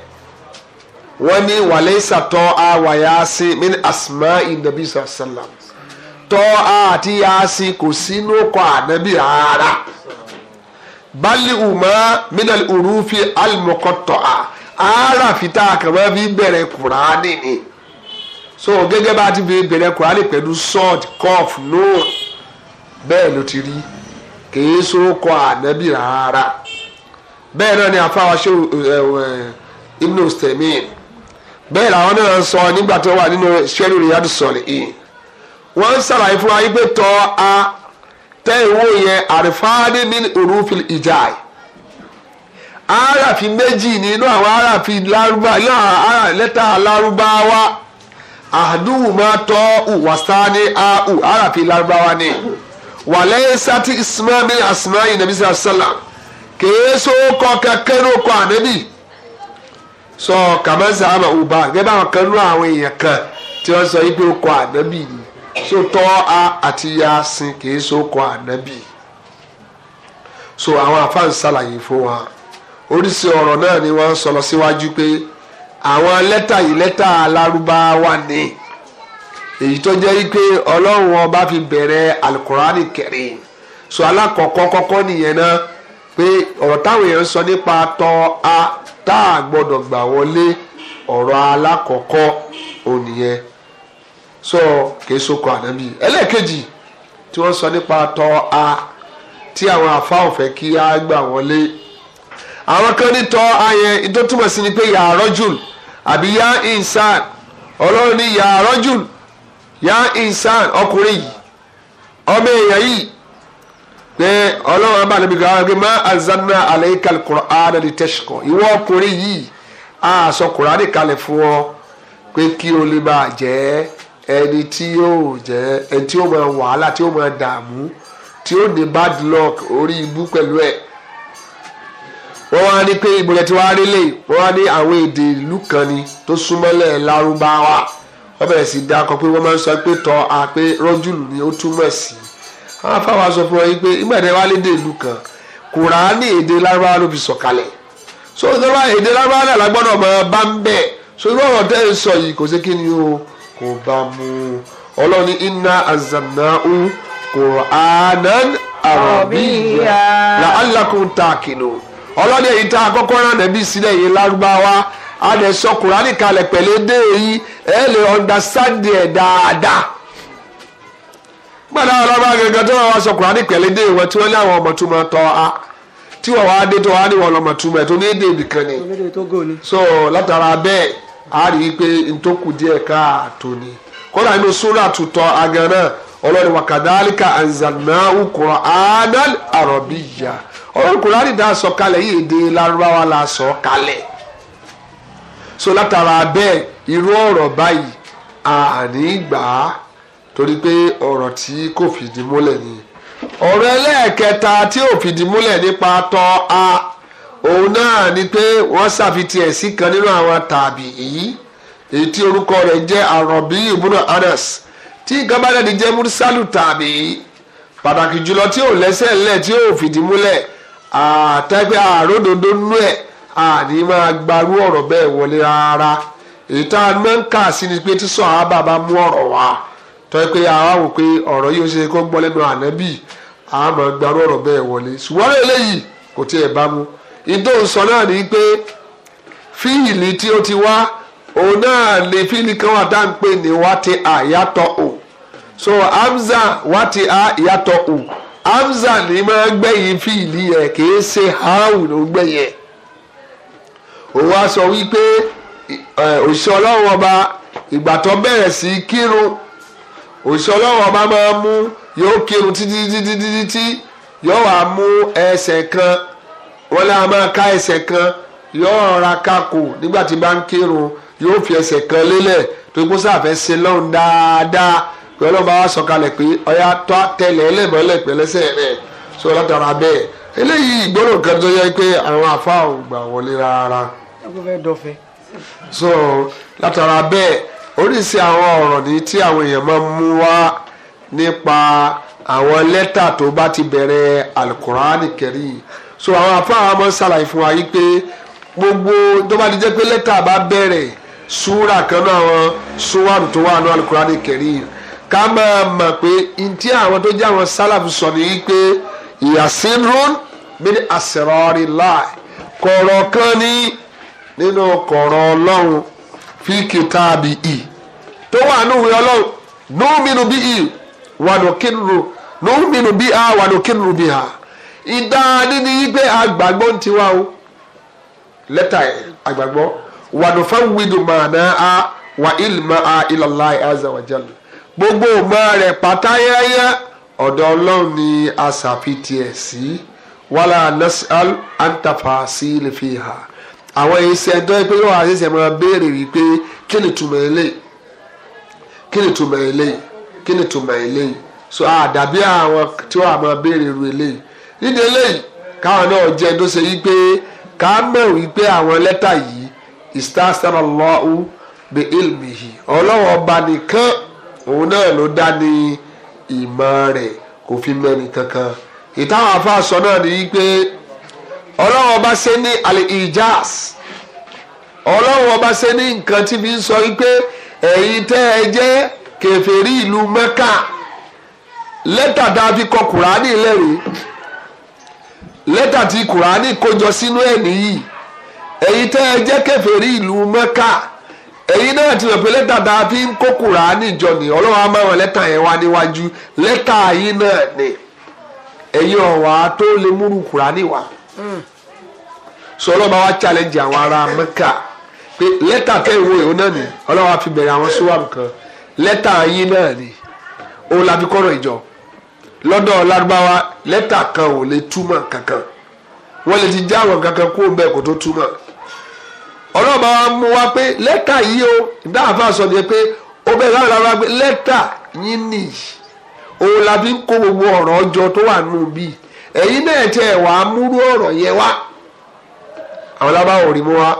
wọ́n a wà min asma ìnàbí sàlám tọ́ a àti yá sí kò sínú kọ́ ànábì bali uma minal urufi almuqatta'a ara fita kama fi bẹ̀rẹ̀ kuraani ni so gege bá a ti fi bẹ̀rẹ̀ kuraani pẹ̀lú salt cough no bẹ́ẹ̀ ló ti rí so kọ́ ànábì rárá bẹ́ẹ̀ náà ni àfáà wa ṣe eh, eh, ibnu stemin bẹ́ẹ̀ làwọn náà ń sọ nígbà tó wà nínú sẹ́rí riyadu sọ̀lì yìí wọ́n ń ṣàlàyé fún wa yí pé tọ́ a tẹ́ ìwó yẹn àrífáàdì min urufil ijai aráàfin méjì nínú àwọn aráàfin lárúbá náà lẹ́tà lárúbáwá àdúhù máa tọ́ wàsáni àhù aráàfin lárúbáwá ni wàlẹ́yìn sátì ismail asmail nàbísà sálàmù kèé so kọ kẹkẹ ló kọ ànábì sọ kàmẹ́sà àmà ọba gẹ́gẹ́ bá wọn kan nú àwọn èèyàn kan tí wọ́n sọ ibi okọ ànábì so tọ́ a àti ya sin kèé so kọ ànábì so àwọn àfáàn ṣàlàyé fún wa oríṣi ọ̀rọ̀ náà ni wọ́n sọ lọ síwájú pé àwọn lẹ́tà yìí lẹ́tà alárúbáwá ni èyí tó jẹ́ wípé ọlọ́run ọba fi bẹ̀rẹ̀ alukurani kẹrin so alákọ̀ọ́kọ́ kọ́kọ́ nìyẹn náà. pé ọ̀rọ̀ táwọn èèyàn sọ nípa tọ́ a tá a gbọ́dọ̀ gbà wọlé ọ̀rọ̀ alákọ̀ọ́kọ́ ònìyẹn sọ kìí ànábì ẹlẹ́ẹ̀kejì tí wọ́n sọ nípa tọ́ a tí àwọn àfa ọ̀fẹ́ kí a gbà wọlé kan ní tọ́ a yẹn túmọ̀ sí ni pé yà á àbí yá ìnsàn ọlọ́run ní yà á yá ọkùnrin yìí pé ọlọ́run abá níbi kan wọ́n má azanna alayka al-Qur'an li tashqa ìwọ ọkùnrin yìí a sọ Qur'an kalẹ̀ fún ọ pé kí o lè máa jẹ́ ẹni tí yóò jẹ́ ẹni tí yóò máa wàhálà tí yóò máa dààmú tí yóò ní bad luck orí ibú pẹ̀lú ẹ̀ wọ́n wá ní pé ìbòlẹ̀ tí wàá rélé wọ́n wá ní àwọn èdè ìlú kan ni tó súnmọ́lẹ̀ lárúbáwá wọ́n bẹ̀rẹ̀ sí dákọ pé wọ́n máa ń sọ pé tọ́ a pé rọ́jùlù ni ó túmọ̀ sí i àwọn afáwọn aṣọ fún ọ yìí pé ìgbàdé wa lédè ìlú kan kùránì èdè lárúbáwá ló fi sọ̀kalẹ̀ so ìjọba èdè lárúbáwá náà lágbọ́dọ̀ mọ bá ń bẹ̀ so irú ọ̀rọ̀ tẹ́ ẹ sọ yìí kò sí kí ni o kò bá mu ọlọ́ni inna anzalnahu qur'anan arabiyya la'allakum ta'qilun ọlọ́ni èyí tá a kọ́kọ́ rán nàbí sílẹ̀ yìí lárúbáwá a lè sọ kùránì kalẹ̀ pẹ̀lú èdè yìí ẹ lè understand ẹ̀ dáadáa gbàdá ọlọ́ba gẹ́gẹ́ tó wọ́n wá sọ kùránì pẹ̀lẹ́dẹ́ ìwọ tí wọ́n ní àwọn ọmọ túmọ̀ tọ́ a tí wọ́n wá dé tó wá ní wọn lọ́mọ túmọ̀ tó ní èdè nìkan ni so látara bẹ́ẹ̀ a rí i pé ntòkù díẹ̀ káàtó ni kódà inú súnà tutọ́ agan náà ọlọ́run wa kadhalika anzalnahu qur'anan arabiyya ọlọ́run kùránì dá sọ kalẹ̀ yìí èdè lárúbáwá la sọ kalẹ̀ so látara bẹ́ẹ̀ irú ọ̀rọ̀ báyìí àní gbàá torí pé ọ̀rọ̀ tí kò fìdí múlẹ̀ ni ọ̀rọ̀ ẹlẹ́ẹ̀kẹta tí ò fìdí múlẹ̀ nípa tọ́ a òun náà ni pé wọ́n ṣàfitì ẹ̀ sí kan nínú àwọn tàbí èyí èyí tí orúkọ rẹ̀ jẹ́ àrọ̀bí ìbúná anas tí nǹkan bá dẹ̀dí jẹ́ mursalu tàbí pàtàkì jùlọ tí ò lẹ́sẹ̀ ńlẹ̀ tí ò fìdí múlẹ̀ àtẹ́gbẹ́ àròdodo nú ẹ̀ àní máa gbarú ọ̀rọ̀ bẹ́ẹ̀ wọlé rárá èyí tá a máa ń kà sí ni pé tí sọ̀rọ̀ bàbá mú ọ̀rọ̀ wá tọ́yẹ pé àwa wò pé ọ̀rọ̀ yìí ó ṣe kó gbọ́ lẹ́nu ànábì àá máa gbarú ọ̀rọ̀ bẹ́ẹ̀ wọlé ṣùgbọ́n eléyìí kò tiẹ̀ bá mu ìdó sọ náà ni pé fíìlì tí ó ti wá òun náà lè fíìlì kan wà tá ń pè ní wá ti àyàtọ̀ o so hamza wá ti àyàtọ̀ o hamza ni máa gbẹ̀yìn fíìlì yẹn kì í ṣe harawu ló gbẹ̀yìn òun á sọ wípé òṣìṣẹ́ ọlọ́run ọba ìgbà tó bẹ̀rẹ̀ sí kírun òṣìṣẹ́ ọlọ́run ọba máa mú yóò kírun títí títí títí tí yóò wá mú ẹsẹ̀ kan wọ́n lè máa ká ẹsẹ̀ kan yóò ra kákò nígbà tí bá ń kírun yóò fi ẹsẹ̀ kan lélẹ̀ tó kó sáfẹ́ ṣe lọ́run dáadáa pé ọlọ́run bá wá sọ̀kalẹ̀ pé ọya tó tẹ̀lé ẹlẹ́mọ̀ọ́lẹ̀ pẹ̀lẹ́sẹ̀ rẹ̀ sọ látara bẹ́ẹ̀ eléyìí ìgbọ́rọ̀ kan tó yẹ pé àwọn àfa ò gbà wọlé rárá. ẹ kò fẹ́ dọ̀fẹ́. so látara bẹ́ẹ̀ oríṣi àwọn ọ̀rọ̀ ní tí àwọn èèyàn máa ń mú wá nípa àwọn lẹ́tà tó bá ti bẹ̀rẹ̀ alukurani kẹrí so àwọn afáwọn máa ń ṣàlàyé fún wa yìí pé gbogbo tó bá ti jẹ́ pé lẹ́tà bá bẹ̀rẹ̀ súrà kan náà àwọn súwárù tó wà ní alukurani kẹrí ká máa mọ̀ pé ntí àwọn tó jẹ́ àwọn sálàfù sọ ní yìí pé ìyàsínrún bí àṣẹrọ̀ọ́rì láì kọ̀ọ̀rọ̀ kan ní nínú kọ̀ọ̀rọ̀ ọlọ́run fíkìtàbí i tó wà núwèé ọlọ́run númínú bí i wànúkínú númínú bí a wànúkínú bí a ìdáni ni yí pé agbàgbọ́ ń tiwa o lẹ́tà agbàgbọ́ wànúfẹ́ wíìdù màánà a wà ìlmà a ìlàlá azza wa jalla gbogbo ọmọ rẹ̀ pátáyáyá ọ̀dọ̀ ọlọ́run ni a ṣàfitì ẹ̀ sí wàlà nasal antafa sí lè fi hà àwọn iṣẹ́ tó yẹ pé yóò wá ṣẹ̀ṣẹ̀ máa béèrè wípé kí ni túmọ̀ eléyìí kí ni túmọ̀ eléyìí kí ni túmọ̀ eléyìí so àdàbí àwọn tí wọ́n á máa béèrè irú eléyìí nídìí eléyìí káwọn náà jẹ́ tó ṣe wípé ká mọ̀ wípé àwọn lẹ́tà yìí ìsítàsára lọ́hùn bí ilmihi ọlọ́wọ́ ọba nìkan òun náà ló dá ní ìmọ̀ rẹ̀ kò fi mẹ́ni kankan ìtàwọn afáàsọ náà ni wípé ọlọ́run ọba ṣe ní alẹ́ ijaz ọlọ́run ọba ṣe ní nǹkan tí mi ń sọ wípé ẹ̀yin tẹ́ ẹ jẹ́ kèfèrí ìlú mẹ́kà lẹ́tà tá a fi kọ kùránì lẹ́rìí lẹ́tà tí kùránì kójọ sínú ẹ̀ nìyí ẹ̀yin tẹ́ ẹ jẹ́ kèfèrí ìlú mẹ́kà èyí náà ti rò pé lẹ́tà tá a fi ń kó kùránì jọ ní ọlọ́run á máa wọn lẹ́tà yẹn wá níwájú lẹ́tà yìí náà ni ẹ̀yin ọ̀wá tó lè múrù kùránì wá so ọlọ́run wa challenge àwọn ará mẹ́kà pé lẹ́tà kẹ́wò ìwé náà ni ọlọ́run á fi bẹ̀rẹ̀ àwọn suwam kan lẹ́tà yín náà ni òun la fi kọ́rọ̀ ìjọ lọ́dọ̀ lárúbáwá lẹ́tà kan ò lè túmọ̀ kankan wọ́n lè ti já àwọn kankan kó bẹ́ẹ̀ kó tó túmọ̀ ọlọ́run bá wá mú wa pé lẹ́tà yìí o dáhàfà sọ ni pé ó bẹ̀rẹ̀ láwọn lárúbáwá pé lẹ́tà yín nìyí òun la ń kó gbogbo ọ̀rọ̀ ọjọ́ tó wà nù bíi ẹ̀yin náà tẹ ẹ̀ wá múrú ọ̀rọ̀ yẹn wá àwọn lábáwò rí mú wa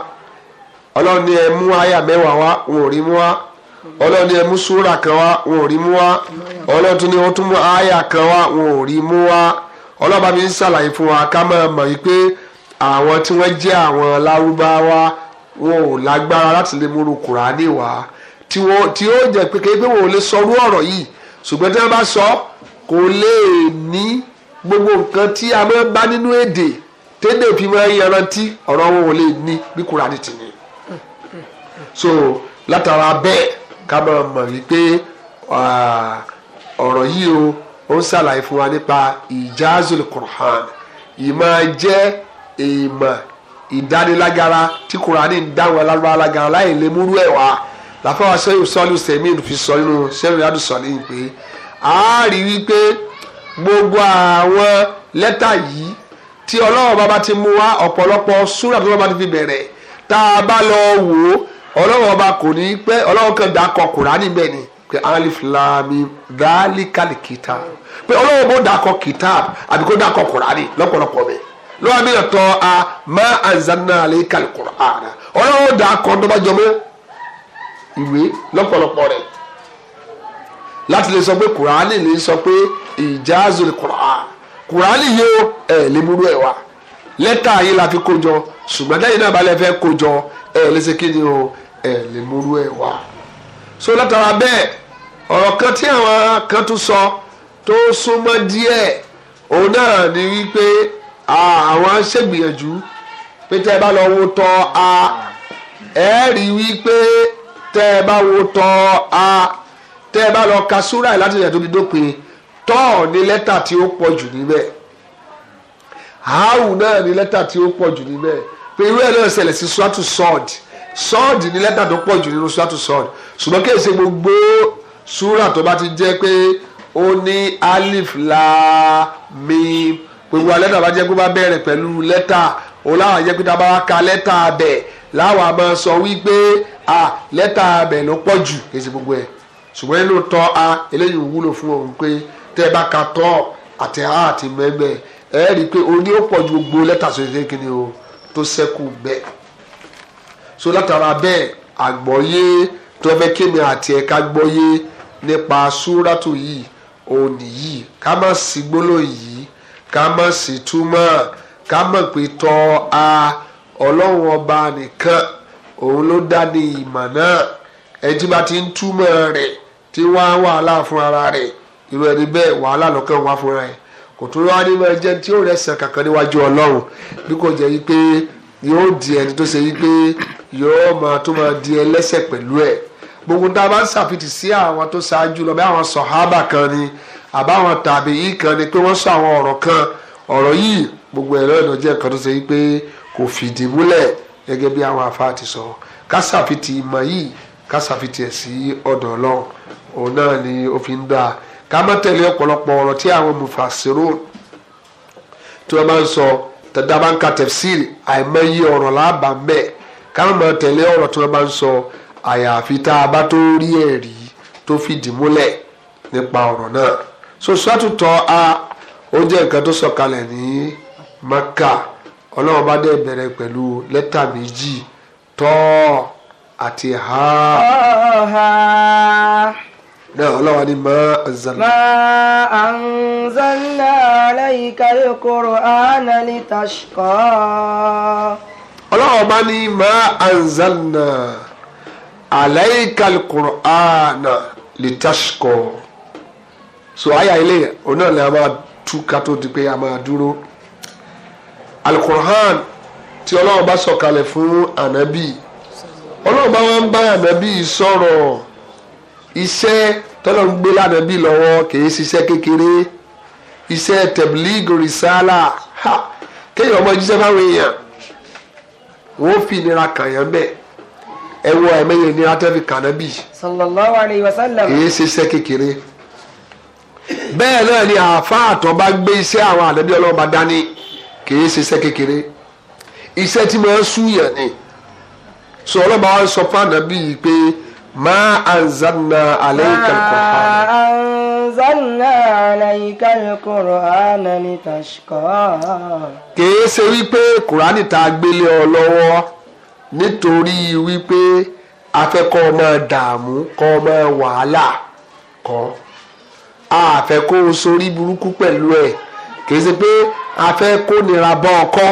ọlọ́run ní ẹ mú àyà mẹ́wàá wá wọn ò rí mú wa ọlọ́run ní ẹ mú súrà kan wá wọn ò rí mú wa ọlọ́run tún ní wọ́n tún mú àyà kan wá wọn ò rí mú wa ọlọ́run bá mi ń ṣàlàyé fún wa ká máa mọ̀ wípé àwọn tí wọ́n jẹ́ àwọn lárúbáwá wọn ò lágbára láti lè múru kùránì wá tí ó jẹ́ pé kéé wọn ò lè sọ orú ọ̀rọ̀ yìí ṣùgbọ́n tí wọ́n bá sọ kò lè ní gbogbo nǹkan tí a máa ń bá nínú èdè tẹ́lẹ̀ fi máa ń yanrantí ọ̀rọ̀ wọn ò lè ní bí Kùránì ti ní. so látara bẹ́ẹ̀ ká máa mọ̀ wípé ọ̀rọ̀ yìí o ó ń ṣàlàyé fún wa nípa ìjáàzùl Kùrán ìmọ̀ jẹ́ ìmọ̀ ìdánilágara tí Kùránì ń dáwọn alárúbáwá lágara láì lè múrú ẹ̀ wá làfọwọ́sẹ́yìn sọ́ọ́lù sẹ́mìn fi sọ nínú sẹ́mìn adùsọ̀ ní ìpè á rí wípé gbogbo àwọn lẹ́tà yìí tí ọlọ́run bàbá ti mú wá ọ̀pọ̀lọpọ̀ súrà tó bá ti fi bẹ̀rẹ̀ tá a bá lọ wò ó ọlọ́run ọba kò ní pẹ́ ọlọ́run kan dàkọ̀ kùránì bẹ́ẹ̀ ni pé alif lami dálíkàlì kitab pé ọlọ́run bó dàkọ̀ kitab àbí kó dàkọ̀ kùránì lọ́pọ̀lọpọ̀ bẹ́ẹ̀ lọ́wọ́ mi lọ́tọ́ a má àzánà alẹ́ kàlì kùránì ọlọ́run dàkọ̀ dọ́bàjọ́ mọ́ ìwé lọ́pọ̀lọpọ̀ rẹ̀ láti lè sọ pé kùránì lè sọ pé ìjáàzùlì kura ah, kùránì yìí ó ẹ̀ lè múrú ẹ̀ wá lẹ́tà yìí la fi kójọ ṣùgbọ́n lẹ́yìn náà balẹ̀ fẹ́ kójọ ẹ̀ lè ṣe kí ni o ẹ̀ lè múrú ẹ̀ wá. so látara bẹ́ẹ̀ ọ̀rọ̀ kan tí àwọn kan tún sọ tó súnmọ́ díẹ̀ òun náà ni wípé àwọn ṣègbìyànjú pé bá lọ wo tọ́ a ẹ rí wípé tẹ́ bá wo tọ́ a tẹ́ ẹ bá lọ ka súrà láti ìyàtọ̀ dídópin tọ́ọ̀ ní lẹ́tà tí ó pọ̀ jù níbẹ̀ áwù náà ní lẹ́tà tí ó pọ̀ jù níbẹ̀ pé irú ẹ̀ náà ṣẹlẹ̀ sí suwátù sọ́ọ̀d sọ́ọ̀d ní lẹ́tà tó pọ̀ jù nínú suwátù sọ́ọ̀d ṣùgbọ́n kí èsè gbogbo súrà tó bá ti jẹ́ pé ó ní alif la mi gbogbo alẹ́ náà bá jẹ́ pé bá bẹ̀rẹ̀ pẹ̀lú lẹ́tà ó láwọn jẹ́ pé tá a bá wá ka lẹ́tà abẹ̀ láwọn a máa sọ wípé à lẹ́tà abẹ̀ ló pọ̀ jù kí èsè gbogbo ẹ̀ ṣùgbọ́n inú tẹ́ ẹ bá ka tọ́ àti a àti mẹ́mẹ́ ẹ rí i pé o ní ó pọ̀ ju gbogbo lẹ́tà sọ èdè kìíní o tó sẹ́kù bẹ́ẹ̀ so látara bẹ́ẹ̀ àgbọ́yé tó fẹ́ kémi àti ẹ̀ka gbọ́yé nípa súrátù yìí òun nìyí ká má sí gbólóhùn yìí ká má sí túmọ̀ ká mọ̀ pé tọ́ a ọlọ́run ọba nìkan òun ló dá ní ìmọ̀ náà ẹtí bá ti ń túmọ̀ rẹ̀ tí wọ́n á wàhálà fún ara rẹ̀ irú ẹni bẹ́ẹ̀ wàhálà lọ́kàn wá fúnra ẹ̀ kò tó wá ní máa jẹ́ tí ó rẹ̀sẹ̀ kankan níwájú ọlọ́run bí kò jẹ́ yí pé yóò di ẹni tó ṣe yí pé yóò máa tó máa di ẹlẹ́sẹ̀ pẹ̀lú ẹ̀ gbogbo tá a bá ń ṣàfitì sí àwọn tó ṣáájú lọ bí àwọn sọ̀hábà kan ni àbáwọn tàbí yìí kan ni pé wọ́n sọ àwọn ọ̀rọ̀ kan ọ̀rọ̀ yìí gbogbo ẹ̀rọ ìnàjẹ́ kan tó ṣe yí pé kò fìdí múlẹ̀ gẹ́gẹ́ bí àwọn àfáà ti sọ Kama má tẹ̀lé ọ̀pọ̀lọpọ̀ ọ̀rọ̀ tí àwọn mufasirun tí wọ́n máa ń sọ tẹ̀dá bá ń ka tafsir àìmọye ọ̀rọ̀ láàbà ń bẹ̀ ká má tí wọ́n máa ń sọ àyàfi tá a bá tó rí ẹ̀rí tó fìdí múlẹ̀ nípa ọ̀rọ̀ náà so sọ́tútọ́ a ó jẹ́ nǹkan tó sọ̀kalẹ̀ ní Maka ọlọ́run bá dẹ̀ bẹ̀rẹ̀ pẹ̀lú lẹ́tà méjì tọ́ àti ha náà ọlọ́wà ni má anzalna. má anzalna alayka al-Qur'ana litashqa. ọlọ́wà bá ní má anzalna alayka al-Qur'ana litashqa. so àyà ilé ọ̀nà ni a máa tú ká tó di pé a máa dúró. al tí ọlọ́wà bá sọ̀kalẹ̀ fún ànábì ọlọ́wà bá wọn bá ànábì sọ̀rọ̀ iṣẹ́ tọ́lọ́run gbé lánàá bí lọ́wọ́ kìí ṣiṣẹ́ kékeré iṣẹ́ tẹ̀blíg rìsálà ha kéèyàn ọmọ jíṣẹ́ fáwọn èèyàn wọ́n fi ìnira kàn yẹn bẹ́ẹ̀ ẹ wọ ẹ̀mẹ́yẹ ìnira tẹ́ fi kàn náà bì. sallallahu alaihi wasallam. kìí ṣiṣẹ́ kékeré bẹ́ẹ̀ náà ni àáfàá àtọ̀ bá gbé iṣẹ́ àwọn àlẹ́bí ọlọ́run bá dání kìí ṣiṣẹ́ kékeré iṣẹ́ tí mo ń súyàn ni sọ ọlọ́ba wa sọ fún ànábì yìí pé. ما أنزلنا عليك القرآن ما أنزلنا عليك القرآن لتشقى kìí ṣe wípé kùránì tá a gbélé ọ lọ́wọ́ nítorí wípé a fẹ́ kọ́ ọ máa dààmú kọ́ ọ máa wàhálà kọ́ a fẹ́ kó o sórí burúkú pẹ̀lú ẹ̀ kìí ṣe pé a fẹ́ kó nira bá ọkọ́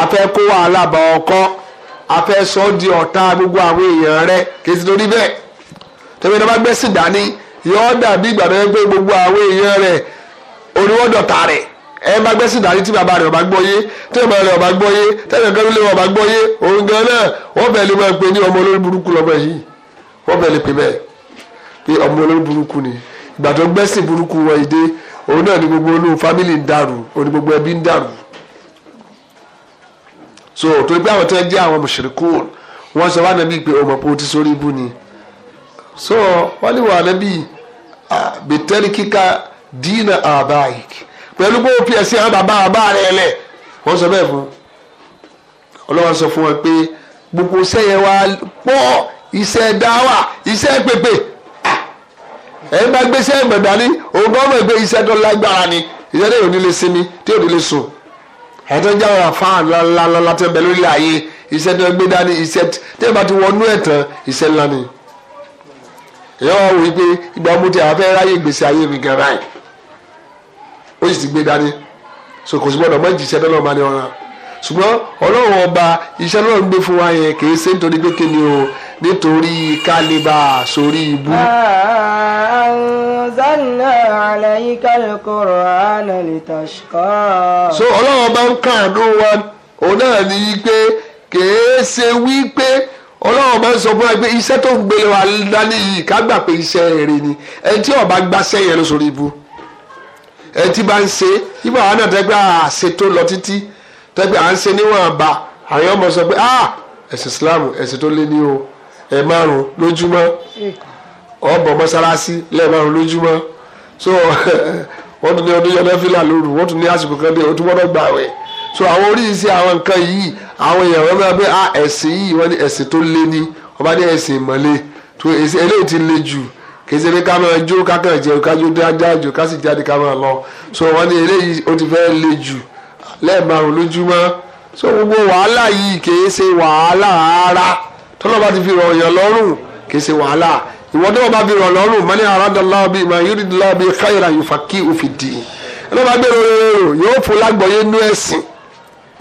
a fẹ́ kó wàhálà bá ọkọ́ afẹ́ sọ ọ́ di ọ̀tá gbogbo àwọn èèyàn rẹ kìí ti torí bẹ́ẹ̀ tẹ́lẹ̀ tó bá gbẹ́sìn dání yọọ dàbí ìgbà tó gbogbo àwọn èèyàn rẹ oníwọ́dọ̀ta rẹ̀ ẹ bá dání tí bàbá rẹ̀ ọba gbọ́ yé tí ọmọ rẹ̀ ọba gbọ́ yé tẹ́lẹ̀ kan lé ọba yé pe lọ́mọ yìí lè ni ìgbà tó burúkú òun so torí pé àwọn tí wọ́n jẹ́ àwọn mùṣírikù wọ́n sọ wá nàbí pé ọmọ pé o ti sórí ibú ni so wọ́n ní wà nàbí bẹ̀tẹ́rì kíkà dínà àbáyé pẹ̀lú pé o fi ẹ̀sìn àwọn bàbá àbá rẹ̀ lẹ̀ wọ́n sọ bẹ́ẹ̀ fún ọlọ́wọ́n sọ fún wọn pé gbogbo sẹ́yẹ wa pọ̀ iṣẹ́ dáwà iṣẹ́ pépè ẹ̀ ń bá gbéṣẹ́ ìgbẹ̀dání òun gbọ́mọ̀ gbé iṣẹ́ tó lágbára ni ìṣẹ́ tó yóò nílé sinmi tí yóò nílé sùn ẹ̀ tó jáwọ́ àfa ńláńlá tó bẹ lórí ayé iṣẹ́ tó gbé dání iṣẹ́ tẹ́ bá ti wọnú ẹ̀ tán iṣẹ́ ńlá ni. èèyàn wá wí pé ìgbà mo ti àwọn fẹ́ ráyè gbèsè ayé mi gan ráì ó sì ti gbé dání so kò sí gbọ́dọ̀ mọ́ ìjìṣẹ́ tó lọ́ọ́ bá ní ọ̀ràn ṣùgbọ́n ọlọ́run ọba iṣẹ́ náà ń gbé fún wa yẹn kì í ṣe nítorí pé kí ni o nítorí kálíbà sórí ibú. anzalna alayka al-Qur'ana litashqa. so ọlọ́run bá ń kàánú wa òun náà ní í pé kèé ṣe wípé ọlọ́run bá ń sọ fún wa pé iṣẹ́ tó ń gbélé wa dání yìí ká gbà pé iṣẹ́ rere ni ẹni tí ọba gbaṣẹ́ yẹn ló sórí ibú ẹni tí bá ń ṣe ibà wà náà tẹ́gbẹ́ àṣetó lọ títí tẹ́gbẹ́ à ń ṣe níwọ̀nba àwọn ọmọ sọ pé ah ẹ̀sìn Islam ẹ̀sìn tó lé ní o ẹ̀ márùn lójúmọ́ ọ̀bọ̀ mọ́sálásí lẹ́ẹ̀márùn lójúmọ́ so wọ́n tún ní ọdún yọ nẹ́fìlà lóru wọ́n tún ní àsìkò kan dé o tún gbọ́dọ̀ gbààwẹ̀ so àwọn oríṣi àwọn nǹkan yìí àwọn èèyàn wọn bá bẹ ah, ẹ̀sìn yìí wọ́n ní ẹ̀sìn tó lé ní ọba ní ẹ̀sìn ìmọ̀lẹ́ tó eléyìí ti lé jù kèsì pé ká máa jó ká kàn jẹun ká jó dáadáa jù ká sì jáde ká máa lọ so wọ́n ní eléyìí ó ti fẹ́ lé jù lẹ́ẹ̀márùn lójúmọ́ so gbogbo wàhálà yìí kèé ṣe wàhálà rárá tọ́lọ́ bá ti fi rọ̀ yàn lọ́rùn kì í ṣe wàhálà ìwọ tó bá fi rọ̀ lọ́rùn mani aradallahu bi ma yuridullahu bi khayran yufaqihu fi din ẹlọ́ba gbèrò rẹ̀ yóò fún lágbọ̀ọ́yé nú ẹ̀sìn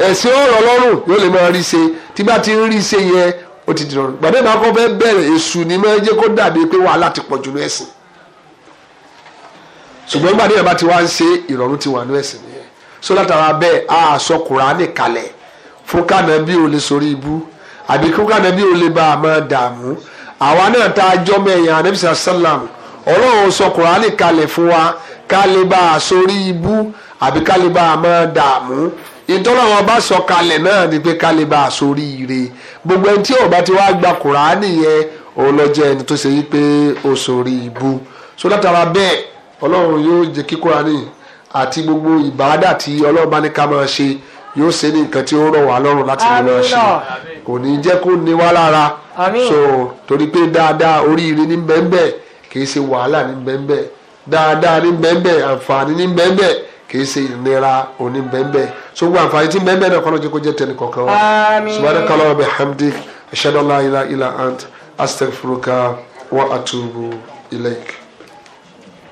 ẹ̀sìn ọ̀rọ̀ lọ́rùn yóò lè máa rí ṣe tí bá ti ń rí ṣe yẹn ó ti dìrọ̀ gbàdé máa kọ́ fẹ́ bẹ̀rẹ̀ èṣù ni máa jẹ́ kó dàbí pé wàhálà ti pọ̀ jù ní ṣùgbọ́n gbàdé yẹn bá ti wá ń ṣe ìrọ̀rùn ti wà ní ẹ̀sìn nìyẹn so bẹ́ẹ̀ a sọ Kùránì kalẹ̀ fún kànáà bí o lè sórí ibú àbí kúkà nàbí ò lè bá a máa dààmú àwa náà tá a jọ́ mẹ́yìn anabi sàlám ọlọ́run sọ kùránì kalẹ̀ fún wa ká lè bá a sórí ibú àbí ká lè bá a máa dààmú ìtọ́lọ́wọ́n bá sọ kalẹ̀ náà ni pé ká lè bá a sórí ire gbogbo ẹni tí ó ti wá gba kùránì yẹn òun ẹni tó ṣe yí pé ó sórí ibú so látara bẹ́ẹ̀ ọlọ́run yóò jẹ́ kí àti gbogbo ìbáradà tí ọlọ́run bá ní ká máa ṣe yóò ṣe ní nǹkan tí ó rọ̀ wá lọ́rùn láti lè lọ ṣe kò ní jẹ́ kó ní wá lára so torí pé dáadáa oríire ní bẹ́ẹ̀bẹ́ kìí ṣe wàhálà ní bẹ́ẹ̀bẹ́ dáadáa ní bẹ́ẹ̀bẹ́ àǹfààní ní bẹ́ẹ̀bẹ́ kìí ṣe ìnira òní bẹ́ẹ̀bẹ́ so gbogbo àǹfààní tí bẹ́ẹ̀bẹ́ náà kọ́nà jẹ́ kó jẹ́ tẹnì kọ̀ọ̀kan wa subhanaka Allahumma bihamdik ashhadu an la ila ila ant astaghfiruka wa atubu ilaik.